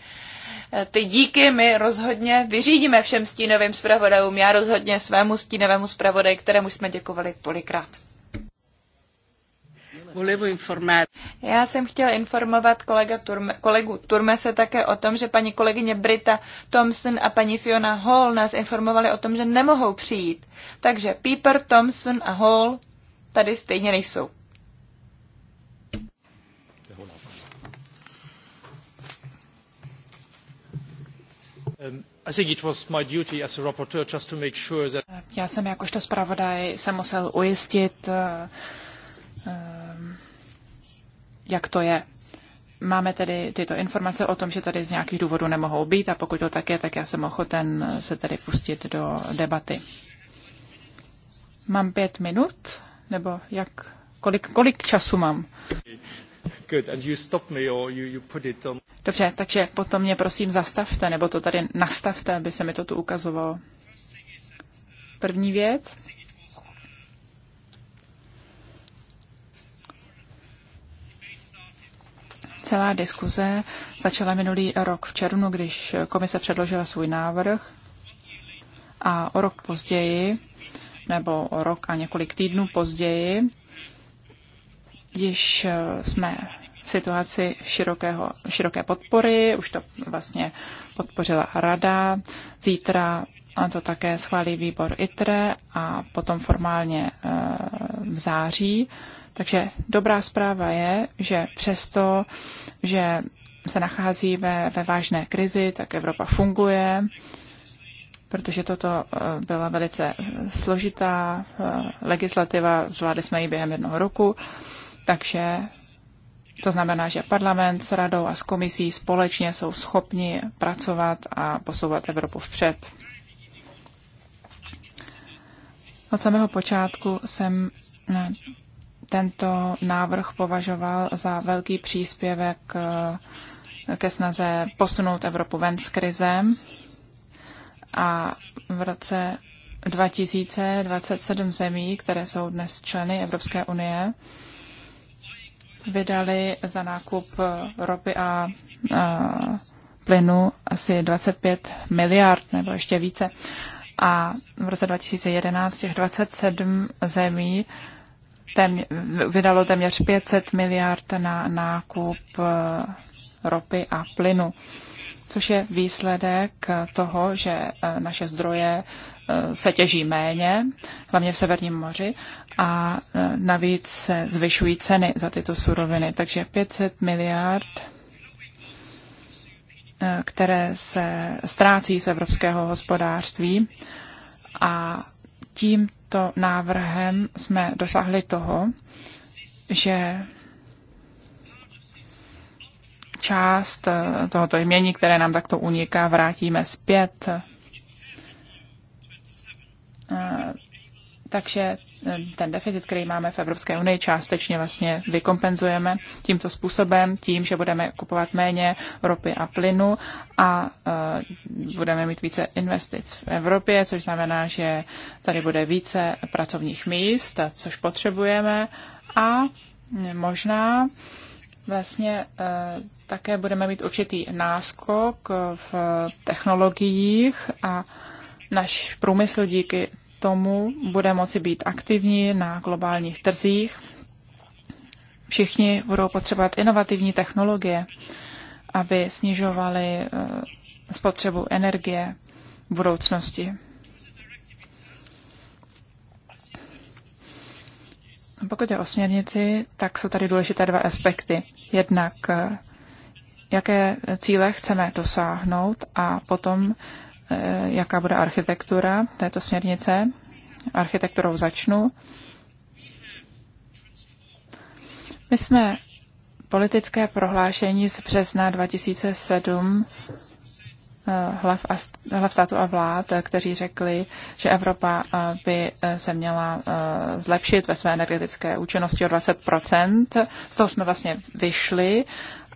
eh, ty díky my rozhodně vyřídíme všem stínovým zpravodajům. Já rozhodně svému stínovému zpravodaji, kterému jsme děkovali tolikrát. Já jsem chtěla informovat kolega Turme, kolegu Turmese také o tom, že paní kolegyně Brita Thompson a paní Fiona Hall nás informovali o tom, že nemohou přijít. Takže Piper, Thompson a Hall tady stejně nejsou. Já jsem jakožto zpravodaj se musel ujistit, eh, eh, jak to je. Máme tedy tyto informace o tom, že tady z nějakých důvodů nemohou být a pokud to tak je, tak já jsem ochoten se tedy pustit do debaty. Mám pět minut? Nebo jak? Kolik, kolik času mám? Dobře, takže potom mě prosím zastavte, nebo to tady nastavte, aby se mi to tu ukazovalo. První věc, Celá diskuze začala minulý rok v červnu, když komise předložila svůj návrh a o rok později, nebo o rok a několik týdnů později, když eh, jsme v situaci širokého, široké podpory, už to vlastně podpořila rada. Zítra a to také schválí výbor ITRE a potom formálně eh, v září. Takže dobrá zpráva je, že přesto, že se nachází ve, ve vážné krizi, tak Evropa funguje, protože toto eh, byla velice složitá eh, legislativa, zvládli jsme ji během jednoho roku, takže to znamená, že parlament s radou a s komisí společně jsou schopni pracovat a posouvat Evropu vpřed. Od samého počátku jsem eh, tento návrh považoval za velký příspěvek eh, ke snaze posunout Evropu ven z krize. A v roce 2027 zemí, které jsou dnes členy Evropské unie, vydali za nákup eh, ropy a, a plynu asi 25 miliard nebo ještě více a v roce 2011 těch 27 zemí téměř, vydalo téměř 500 miliard na nákup eh, ropy a plynu, což je výsledek toho, že eh, naše zdroje eh, se těží méně, hlavně v Severním moři, a navíc se zvyšují ceny za tyto suroviny. Takže 500 miliard které se ztrácí z evropského hospodářství. A tímto návrhem jsme dosáhli toho, že část eh, tohoto jmění, které nám takto uniká, vrátíme zpět eh, takže eh, ten deficit, který máme v Evropské unii, částečně vlastně vykompenzujeme tímto způsobem, tím, že budeme kupovat méně ropy a plynu a eh, budeme mít více investic v Evropě, což znamená, že tady bude více pracovních míst, což potřebujeme a možná vlastně eh, také budeme mít určitý náskok v technologiích a náš průmysl díky tomu bude moci být aktivní na globálních trzích. Všichni budou potřebovat inovativní technologie, aby snižovali eh, spotřebu energie v budoucnosti. Pokud je o směrnici, tak jsou tady důležité dva aspekty. Jednak, eh, jaké cíle chceme dosáhnout a potom, Eh, jaká bude architektura této směrnice. Architekturou začnu. My jsme politické prohlášení z března 2007 eh, hlav, a, hlav státu a vlád, kteří řekli, že Evropa eh, by se měla zlepšit ve své energetické účinnosti o 20 Z toho jsme vlastně vyšli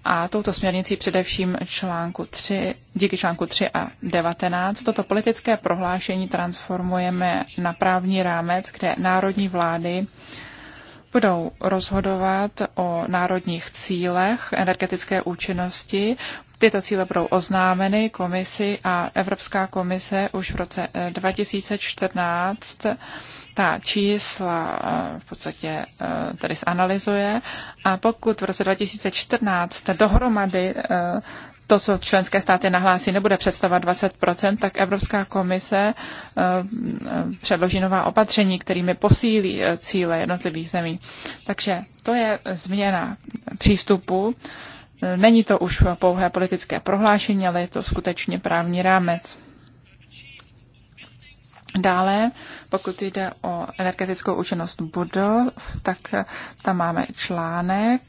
a touto směrnicí především článku 3, díky článku 3 a 19 toto politické prohlášení transformujeme na právní rámec, kde národní vlády budou rozhodovat o národních cílech energetické účinnosti. Tyto cíle budou oznámeny komisi a Evropská komise už v roce 2014 eh, ta čísla eh, v podstatě eh, tady zanalizuje a pokud v roce 2014 dohromady to, co členské státy nahlásí, nebude představovat 20 tak Evropská komise eh, eh, předloží nová opatření, kterými posílí eh, cíle jednotlivých zemí. Takže to je změna přístupu. Není to už pouhé politické prohlášení, ale je to skutečně právní rámec. Dále, pokud jde o energetickou účinnost budov, tak tam máme článek,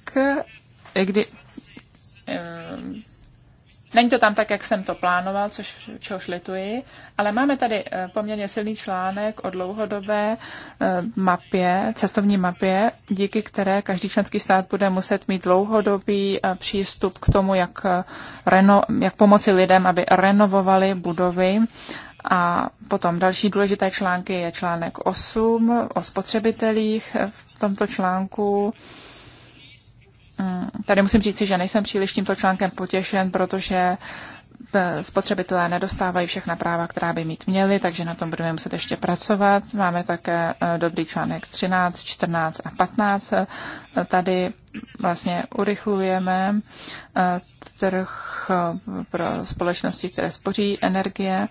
kdy Není to tam tak, jak jsem to plánoval, což, čehož lituji, ale máme tady eh, poměrně silný článek o dlouhodobé eh, mapě, cestovní mapě, díky které každý členský stát bude muset mít dlouhodobý eh, přístup k tomu, jak, reno, jak pomoci lidem, aby renovovali budovy. A potom další důležité články je článek 8 o spotřebitelích v tomto článku Mm, tady musím říci, že nejsem příliš tímto článkem potěšen, protože eh, spotřebitelé nedostávají všechna práva, která by mít měli, takže na tom budeme muset ještě pracovat. Máme také eh, dobrý článek 13, 14 a 15. Eh, tady vlastně urychlujeme trh pro společnosti, které spoří energie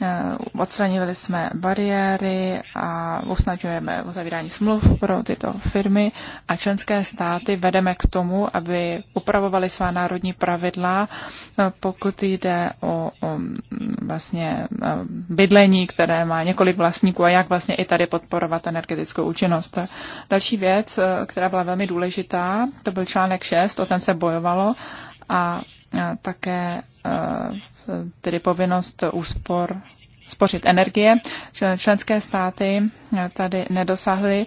Eh, odstranili jsme bariéry a usnadňujeme uzavírání smluv pro tyto firmy a členské státy vedeme k tomu, aby upravovali svá národní pravidla, eh, pokud jde o, o mm, vlastně eh, bydlení, které má několik vlastníků a jak vlastně i tady podporovat energetickou účinnost. Další věc, která byla velmi důležitá, to byl článek 6, o ten se bojovalo a také tedy povinnost úspor spořit energie. Členské státy tady nedosáhly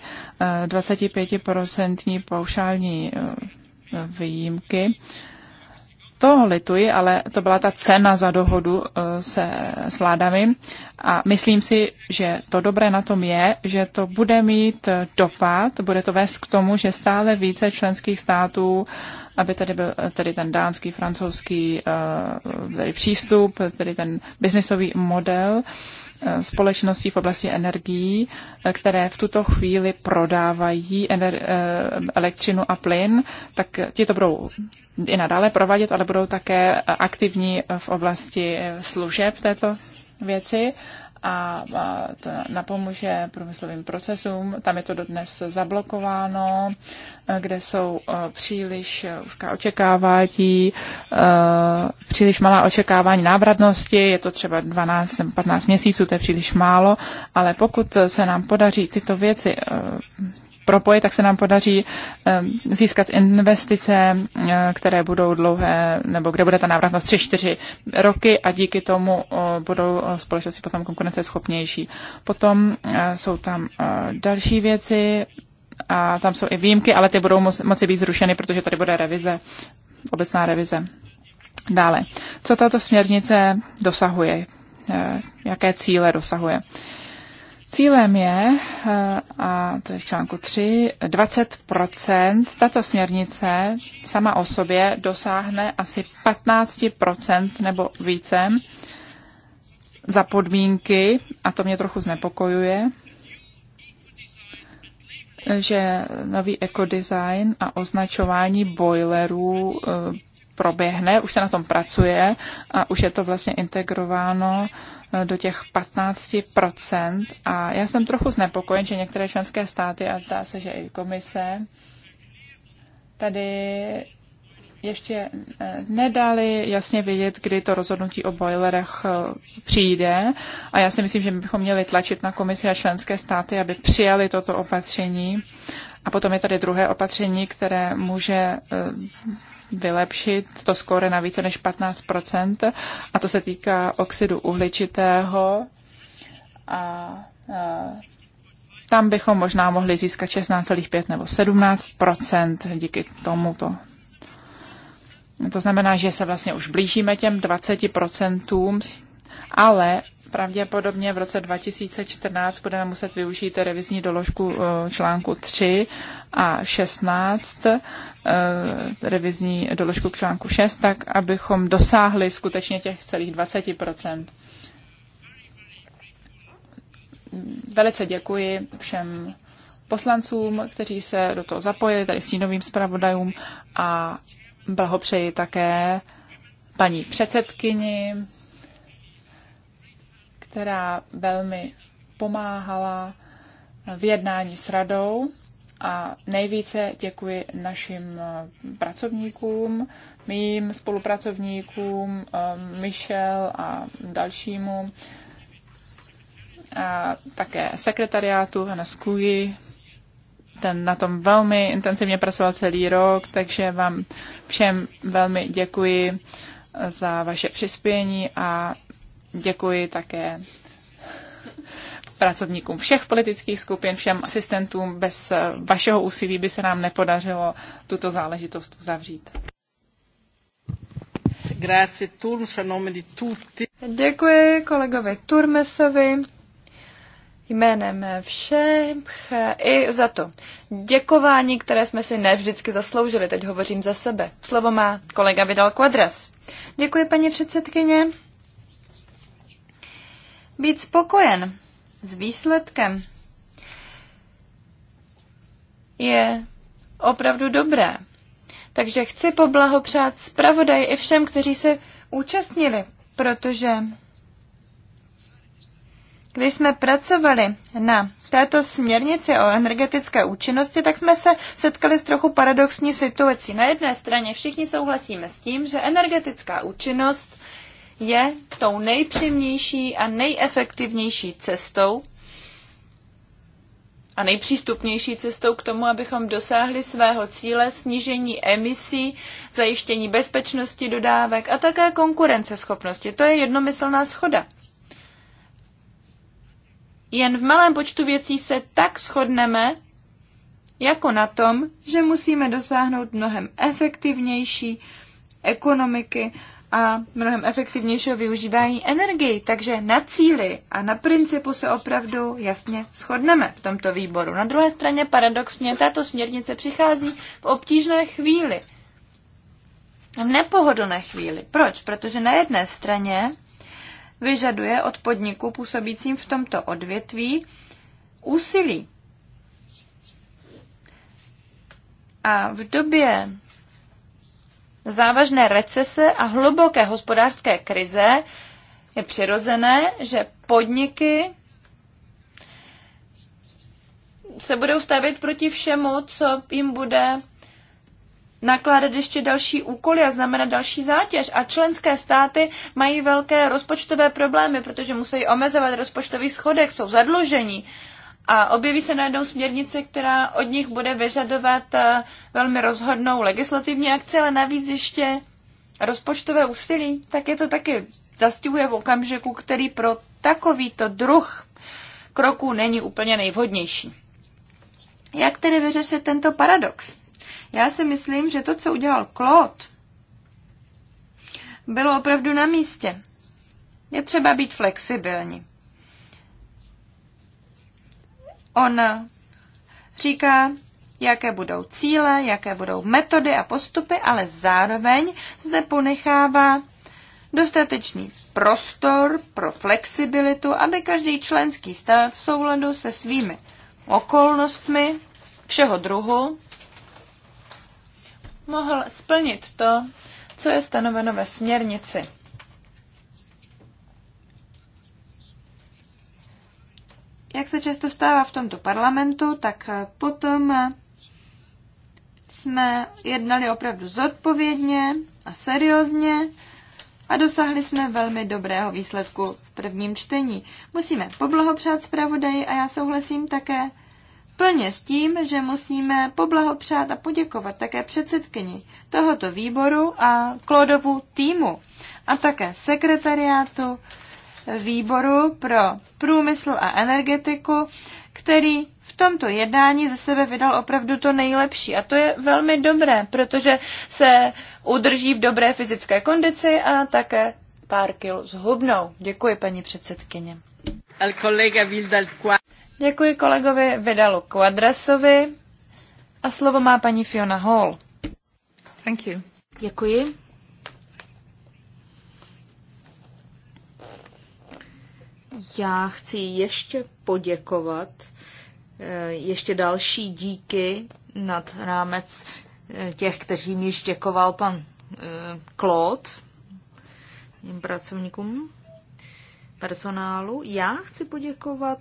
25% eh, paušální eh, výjimky. To lituji, ale to byla ta cena za dohodu eh, se vládami. a myslím si, že to dobré na tom je, že to bude mít dopad, bude to vést k tomu, že stále více členských států uh, aby tady byl eh, tady ten dánský, francouzský eh, tady přístup, tedy ten biznisový model eh, společností v oblasti energií, které v tuto chvíli prodávají ener- elektřinu a plyn, tak ti to budou i nadále provádět, ale budou také aktivní v oblasti služeb této věci a to napomůže průmyslovým procesům. Tam je to dodnes zablokováno, eh, kde jsou eh, příliš úzká očekávání, eh, příliš malá očekávání návratnosti, je to třeba 12 nebo 15 měsíců, to je příliš málo, ale pokud se nám podaří tyto věci propojit, tak se nám podaří eh, získat investice, eh, které budou dlouhé, nebo kde bude ta návratnost 3-4 roky a díky tomu eh, budou společnosti potom konkurenceschopnější. Potom jsou tam další věci a tam jsou i výjimky, ale ty budou moci být zrušeny, protože tady bude revize, obecná revize. Dále, co tato směrnice dosahuje? Jaké cíle dosahuje? Cílem je, eh, a to je v článku 3, 20 Tato směrnice sama o sobě dosáhne asi 15 nebo více za podmínky, a to mě trochu znepokojuje, že nový ekodesign a označování boilerů eh, proběhne, už se na tom pracuje a už je to vlastně integrováno do těch 15%. A já jsem trochu znepokojen, že některé členské státy, a zdá se, že i komise, tady ještě eh, nedali jasně vědět, kdy to rozhodnutí o boilerech eh, přijde. A já si myslím, že my bychom měli tlačit na komisi a členské státy, aby přijali toto opatření. A potom je tady druhé opatření, které může eh, vylepšit to skóre na více než 15%, a to se týká oxidu uhličitého. A, a tam bychom možná mohli získat 16,5 nebo 17 díky tomuto. To znamená, že se vlastně už blížíme těm 20 ale pravděpodobně v roce 2014 budeme muset využít revizní doložku eh, článku 3 a 16, eh, revizní doložku k článku 6, tak abychom dosáhli skutečně těch celých 20 Velice děkuji všem poslancům, kteří se do toho zapojili, tady stínovým zpravodajům a blahopřeji také paní předsedkyni která velmi pomáhala v jednání s radou a nejvíce děkuji našim eh, pracovníkům, mým spolupracovníkům, eh, Michel a dalšímu, a také sekretariátu na Skuji. Ten na tom velmi intenzivně pracoval celý rok, takže vám všem velmi děkuji za vaše přispění a Děkuji také pracovníkům všech politických skupin, všem asistentům. Bez vašeho úsilí by se nám nepodařilo tuto záležitost uzavřít. Děkuji kolegovi Turmesovi jménem všech i za to děkování, které jsme si nevždycky zasloužili. Teď hovořím za sebe. Slovo má kolega Vidal Quadras. Děkuji, paní předsedkyně být spokojen s výsledkem je opravdu dobré. Takže chci poblahopřát zpravodaj i všem, kteří se účastnili, protože když jsme pracovali na této směrnici o energetické účinnosti, tak jsme se setkali s trochu paradoxní situací. Na jedné straně všichni souhlasíme s tím, že energetická účinnost je tou nejpřímější a nejefektivnější cestou a nejpřístupnější cestou k tomu, abychom dosáhli svého cíle snížení emisí, zajištění bezpečnosti dodávek a také konkurenceschopnosti. To je jednomyslná schoda. Jen v malém počtu věcí se tak shodneme, jako na tom, že musíme dosáhnout mnohem efektivnější ekonomiky a mnohem efektivnějšího využívání energii. Takže na cíli a na principu se opravdu jasně shodneme v tomto výboru. Na druhé straně paradoxně tato směrnice přichází v obtížné chvíli. V nepohodlné chvíli. Proč? Protože na jedné straně vyžaduje od podniků působícím v tomto odvětví úsilí. A v době závažné recese a hluboké hospodářské krize je přirozené, že podniky se budou stavit proti všemu, co jim bude nakládat ještě další úkoly a znamenat další zátěž. A členské státy mají velké rozpočtové problémy, protože musí omezovat rozpočtový schodek, jsou zadlužení a objeví se najednou směrnice, která od nich bude vyžadovat eh, velmi rozhodnou legislativní akci, ale navíc ještě rozpočtové úsilí, tak je to taky zastihuje v okamžiku, který pro takovýto druh kroků není úplně nejvhodnější. Jak tedy vyřešit tento paradox? Já si myslím, že to, co udělal Klot, bylo opravdu na místě. Je třeba být flexibilní. On říká, jaké budou cíle, jaké budou metody a postupy, ale zároveň zde ponechává dostatečný prostor pro flexibilitu, aby každý členský stát v souladu se svými okolnostmi všeho druhu mohl splnit to, co je stanoveno ve směrnici. jak se často stává v tomto parlamentu, tak potom jsme jednali opravdu zodpovědně a seriózně a dosáhli jsme velmi dobrého výsledku v prvním čtení. Musíme poblahopřát zpravodaji a já souhlasím také plně s tím, že musíme poblahopřát a poděkovat také předsedkyni tohoto výboru a Klodovu týmu a také sekretariátu výboru pro průmysl a energetiku, který v tomto jednání ze sebe vydal opravdu to nejlepší. A to je velmi dobré, protože se udrží v dobré fyzické kondici a také pár kil zhubnou. Děkuji, paní předsedkyně. Děkuji kolegovi Vidalu Quadrasovi. A slovo má paní Fiona Hall. Thank you. Děkuji. Já chci ještě poděkovat, eh, ještě další díky nad rámec eh, těch, kteří mi již děkoval pan Klot, eh, jim pracovníkům personálu. Já chci poděkovat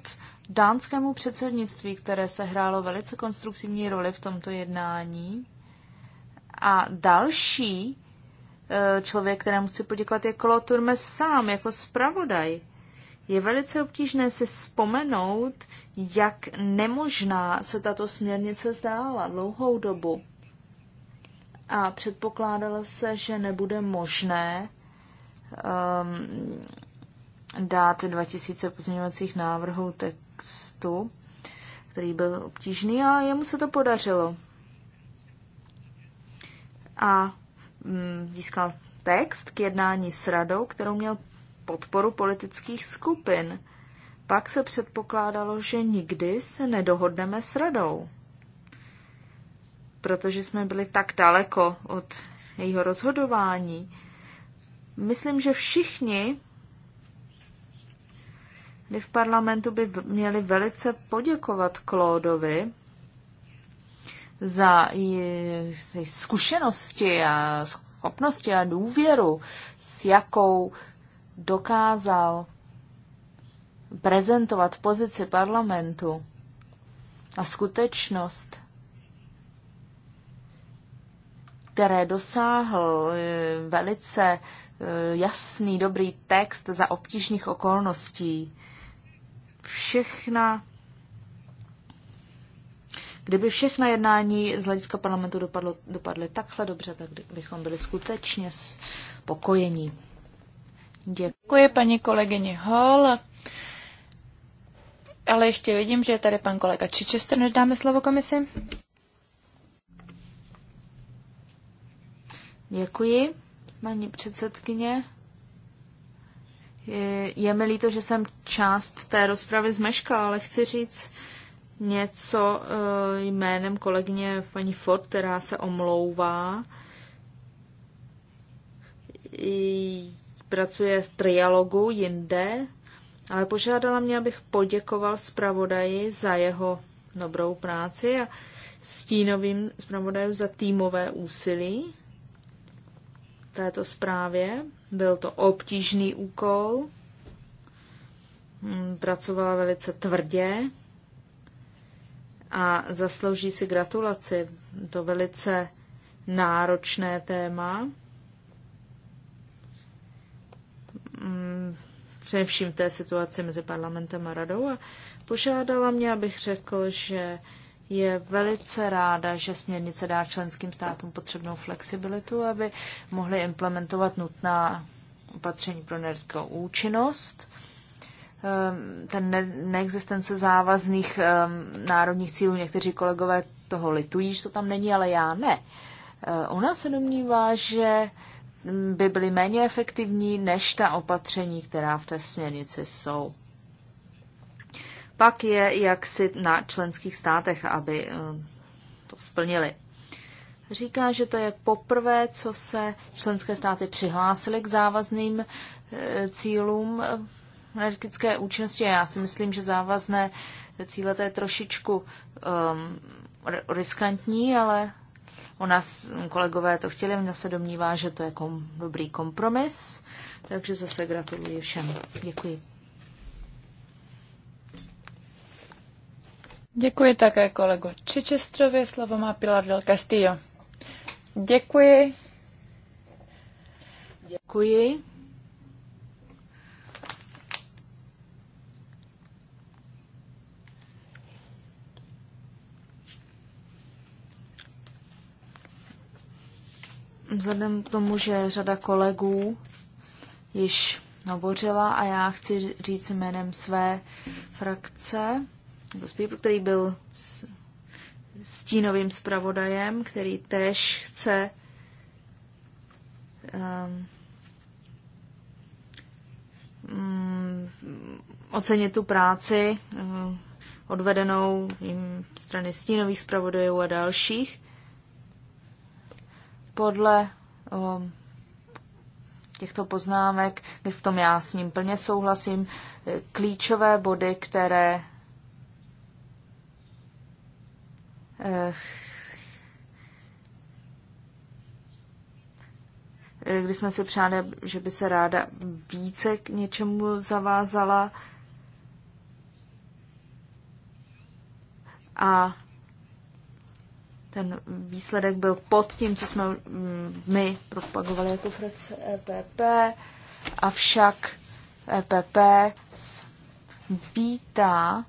dánskému předsednictví, které se hrálo velice konstruktivní roli v tomto jednání. A další člověk, kterému chci poděkovat, je Kolo Turmes sám, jako zpravodaj je velice obtížné si vzpomenout, jak nemožná se tato směrnice zdála dlouhou dobu. A předpokládalo se, že nebude možné um, dát 2000 pozměňovacích návrhů textu, který byl obtížný, a jemu se to podařilo. A um, získal text k jednání s radou, kterou měl podporu politických skupin. Pak se předpokládalo, že nikdy se nedohodneme s radou, protože jsme byli tak daleko od jejího rozhodování. Myslím, že všichni v parlamentu by měli velice poděkovat Klódovi za zkušenosti a schopnosti a důvěru, s jakou dokázal prezentovat pozici parlamentu a skutečnost, které dosáhl eh, velice eh, jasný, dobrý text za obtížných okolností. Všechna Kdyby všechna jednání z hlediska parlamentu dopadlo, dopadly takhle dobře, tak bychom byli skutečně spokojení. Děkuji paní kolegyni Hall. Ale ještě vidím, že je tady pan kolega Čičester, než dáme slovo komisi. Děkuji, paní předsedkyně. Je, je mi líto, že jsem část té rozpravy zmeškala, ale chci říct něco eh, jménem kolegyně paní Ford, která se omlouvá. I pracuje v trialogu jinde, ale požádala mě, abych poděkoval zpravodaji za jeho dobrou práci a stínovým zpravodajům za týmové úsilí této zprávě. Byl to obtížný úkol, hmm, pracovala velice tvrdě a zaslouží si gratulaci. To velice náročné téma. především té situaci mezi parlamentem a radou a požádala mě, abych řekl, že je velice ráda, že směrnice dá členským státům potřebnou flexibilitu, aby mohly implementovat nutná opatření pro energetickou účinnost. Ehm, ten ne- neexistence závazných um, národních cílů, někteří kolegové toho litují, že to tam není, ale já ne. Ehm, ona se domnívá, že by byly méně efektivní než ta opatření, která v té směrnici jsou. Pak je jak si na členských státech, aby eh, to splnili. Říká, že to je poprvé, co se členské státy přihlásily k závazným eh, cílům eh, energetické účinnosti. Já si myslím, že závazné cíle to je trošičku um, riskantní, ale O nás kolegové to chtěli, mě se domnívá, že to je kom, dobrý kompromis, takže zase gratuluji všem. Děkuji. Děkuji také kolego Čičestrovi, slovo má Pilar del Castillo. Děkuji. Děkuji. Vzhledem k tomu, že řada kolegů již hovořila a já chci říct jménem své frakce, který byl s stínovým zpravodajem, který tež chce um, ocenit tu práci um, odvedenou jim strany stínových zpravodajů a dalších. Podle um, těchto poznámek, v tom já s ním plně souhlasím, e, klíčové body, které e, e, kdy jsme si přáli, že by se ráda více k něčemu zavázala. A ten výsledek byl pod tím, co jsme mm, my propagovali jako frakce EPP, avšak EPP vítá,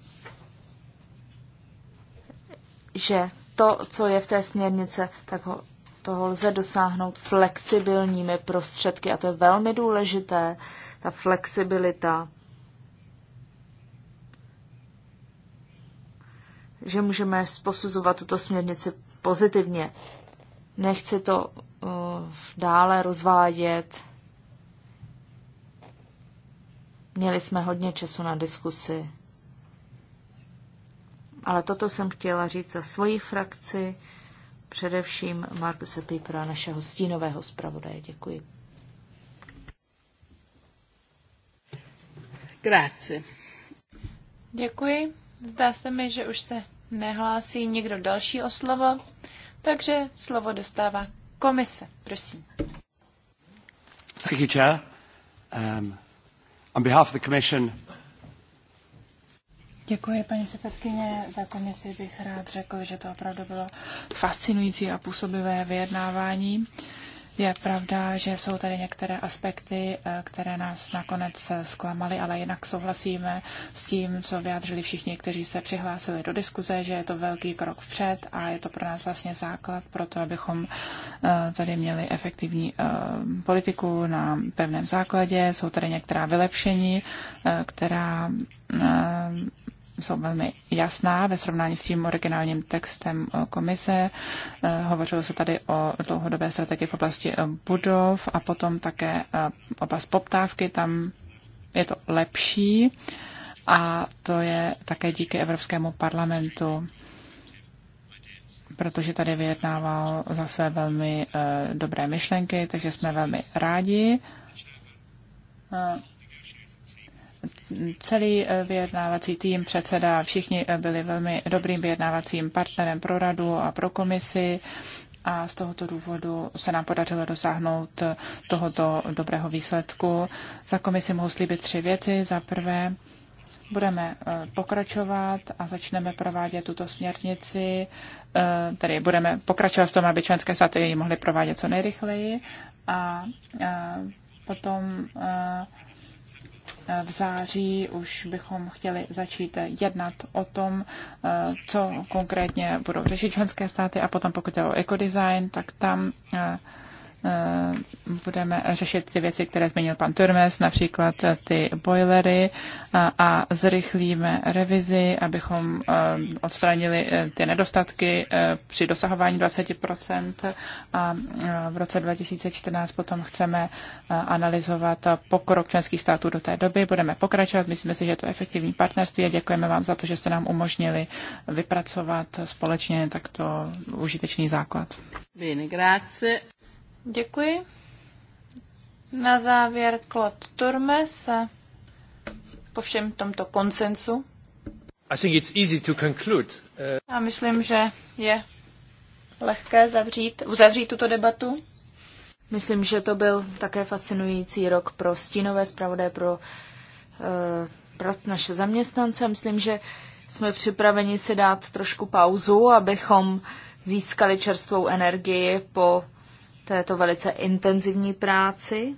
že to, co je v té směrnice, tak ho, toho lze dosáhnout flexibilními prostředky a to je velmi důležité, ta flexibilita. že můžeme posuzovat tuto směrnici pozitivně. Nechci to uh, dále rozvádět. Měli jsme hodně času na diskusi. Ale toto jsem chtěla říct za svoji frakci, především Marku Pipera, našeho stínového zpravodaje. Děkuji. Grazie. Děkuji. Zdá se mi, že už se nehlásí někdo další o slovo, takže slovo dostává komise. Prosím. Thank you, Chair. Um, on behalf of the Commission, Děkuji, paní předsedkyně. Za komisi bych rád řekl, že to opravdu bylo fascinující a působivé vyjednávání. Uh, je pravda, že jsou tady některé aspekty, eh, které nás nakonec eh, zklamaly, ale jinak souhlasíme s tím, co vyjádřili všichni, kteří se přihlásili do diskuze, že je to velký krok vpřed a je to pro nás vlastně základ pro to, abychom eh, tady měli efektivní politiku na pevném základě. Jsou tady některá vylepšení, která Ehm, jsou velmi jasná ve srovnání s tím originálním textem komise. Ehm, hovořilo se tady o dlouhodobé strategii v oblasti ehm, budov a potom také oblast poptávky, tam je to lepší a to je také díky Evropskému parlamentu protože tady vyjednával za své velmi dobré myšlenky, takže jsme velmi rádi. Celý eh, vyjednávací tým předseda, všichni eh, byli velmi dobrým vyjednávacím partnerem pro radu a pro komisi a z tohoto důvodu se nám podařilo dosáhnout eh, tohoto dobrého výsledku. Za komisi mohu slíbit tři věci. Za prvé, budeme pokračovat a začneme provádět tuto směrnici, tedy budeme pokračovat v tom, aby členské státy ji mohly provádět co nejrychleji a potom v září už bychom chtěli začít jednat o tom, eh, co konkrétně budou řešit členské státy a potom pokud je o ekodesign, tak tam eh, Eh, budeme řešit ty věci, které zmínil pan Turmes, například eh, ty boilery a, a zrychlíme revizi, abychom eh, odstranili ty nedostatky při dosahování 20% a v roce 2014 potom chceme analyzovat pokrok členských států do té doby. Budeme pokračovat, myslíme si, že je to efektivní partnerství a děkujeme vám za to, že jste nám umožnili vypracovat společně takto užitečný základ. Bene, grazie. Děkuji. Na závěr Klot Turmes po všem tomto koncensu. I think it's easy to conclude. Uh... Já myslím, že je lehké zavřít, uzavřít tuto debatu. Myslím, že to byl také fascinující rok pro stínové zpravodaje, pro, uh, pro naše zaměstnance. Myslím, že jsme připraveni si dát trošku pauzu, abychom získali čerstvou energii po této velice intenzivní práci.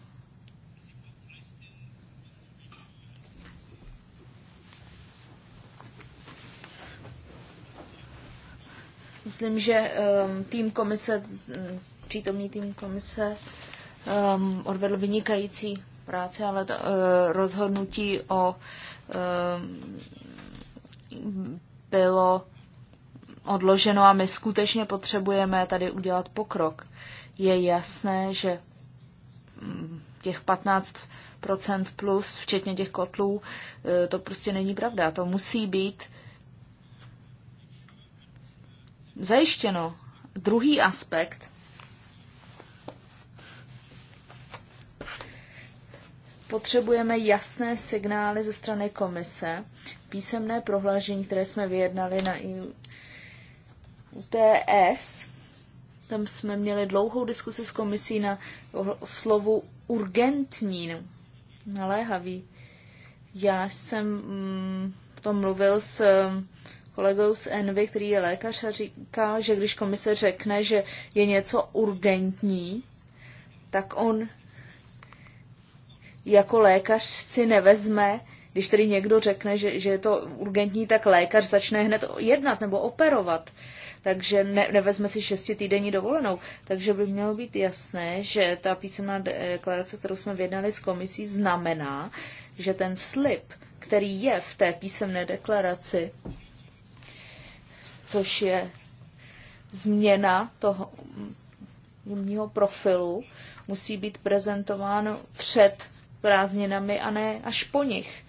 Myslím, že um, tým komise, mm, přítomný tým komise, um, odvedl vynikající práci, ale to, uh, rozhodnutí o um, bylo odloženo a my skutečně potřebujeme tady udělat pokrok. Uh, je jasné, že mm, těch 15 plus, včetně těch kotlů, e, to prostě není pravda. To musí být zajištěno. Druhý aspekt potřebujeme jasné signály ze strany komise, písemné prohlášení, které jsme vyjednali na IUTS, tam jsme měli dlouhou diskusi s komisí na slovu urgentní, no, naléhavý. Já jsem mm, o tom mluvil s mm, kolegou z Envy, který je lékař a říkal, že když komise řekne, že je něco urgentní, tak on jako lékař si nevezme, když tedy někdo řekne, že, že je to urgentní, tak lékař začne hned jednat nebo operovat takže ne, nevezme si šestitýdenní dovolenou. Takže by mělo být jasné, že ta písemná deklarace, kterou jsme vyjednali s komisí, znamená, že ten slib, který je v té písemné deklaraci, což je změna toho jimního profilu, musí být prezentován před prázdninami a ne až po nich.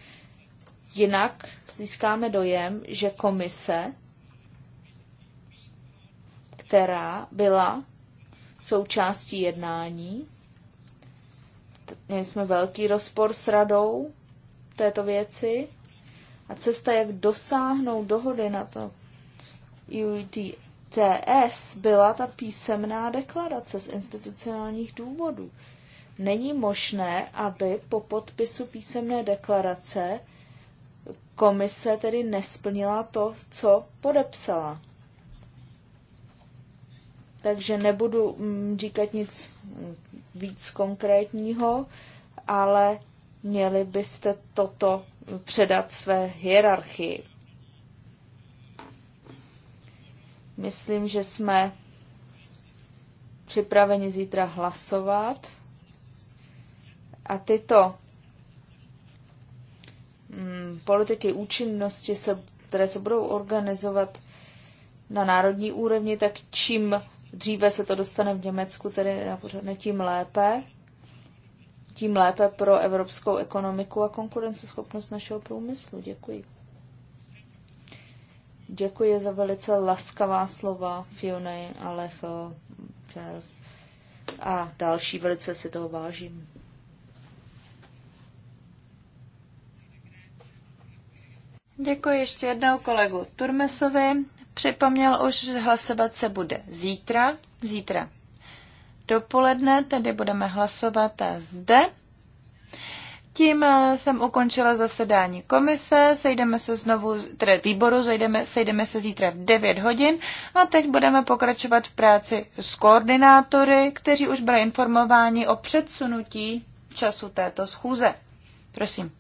Jinak získáme dojem, že komise která byla součástí jednání. Měli jsme velký rozpor s radou této věci a cesta, jak dosáhnout dohody na to UTS, byla ta písemná deklarace z institucionálních důvodů. Není možné, aby po podpisu písemné deklarace komise tedy nesplnila to, co podepsala takže nebudu mm, říkat nic víc konkrétního, ale měli byste toto předat své hierarchii. Myslím, že jsme připraveni zítra hlasovat a tyto mm, politiky účinnosti, se, které se budou organizovat na národní úrovni, tak čím dříve se to dostane v Německu, tedy na pořadne, tím lépe, tím lépe pro evropskou ekonomiku a konkurenceschopnost našeho průmyslu. Děkuji. Děkuji za velice laskavá slova Fiona, a Čes a další. Velice si toho vážím. Děkuji ještě jednou kolegu Turmesovi připomněl už, že hlasovat se bude zítra. Zítra dopoledne, tedy budeme hlasovat zde. Tím jsem ukončila zasedání komise, sejdeme se znovu, tedy výboru, sejdeme, sejdeme se zítra v 9 hodin a teď budeme pokračovat v práci s koordinátory, kteří už byli informováni o předsunutí času této schůze. Prosím.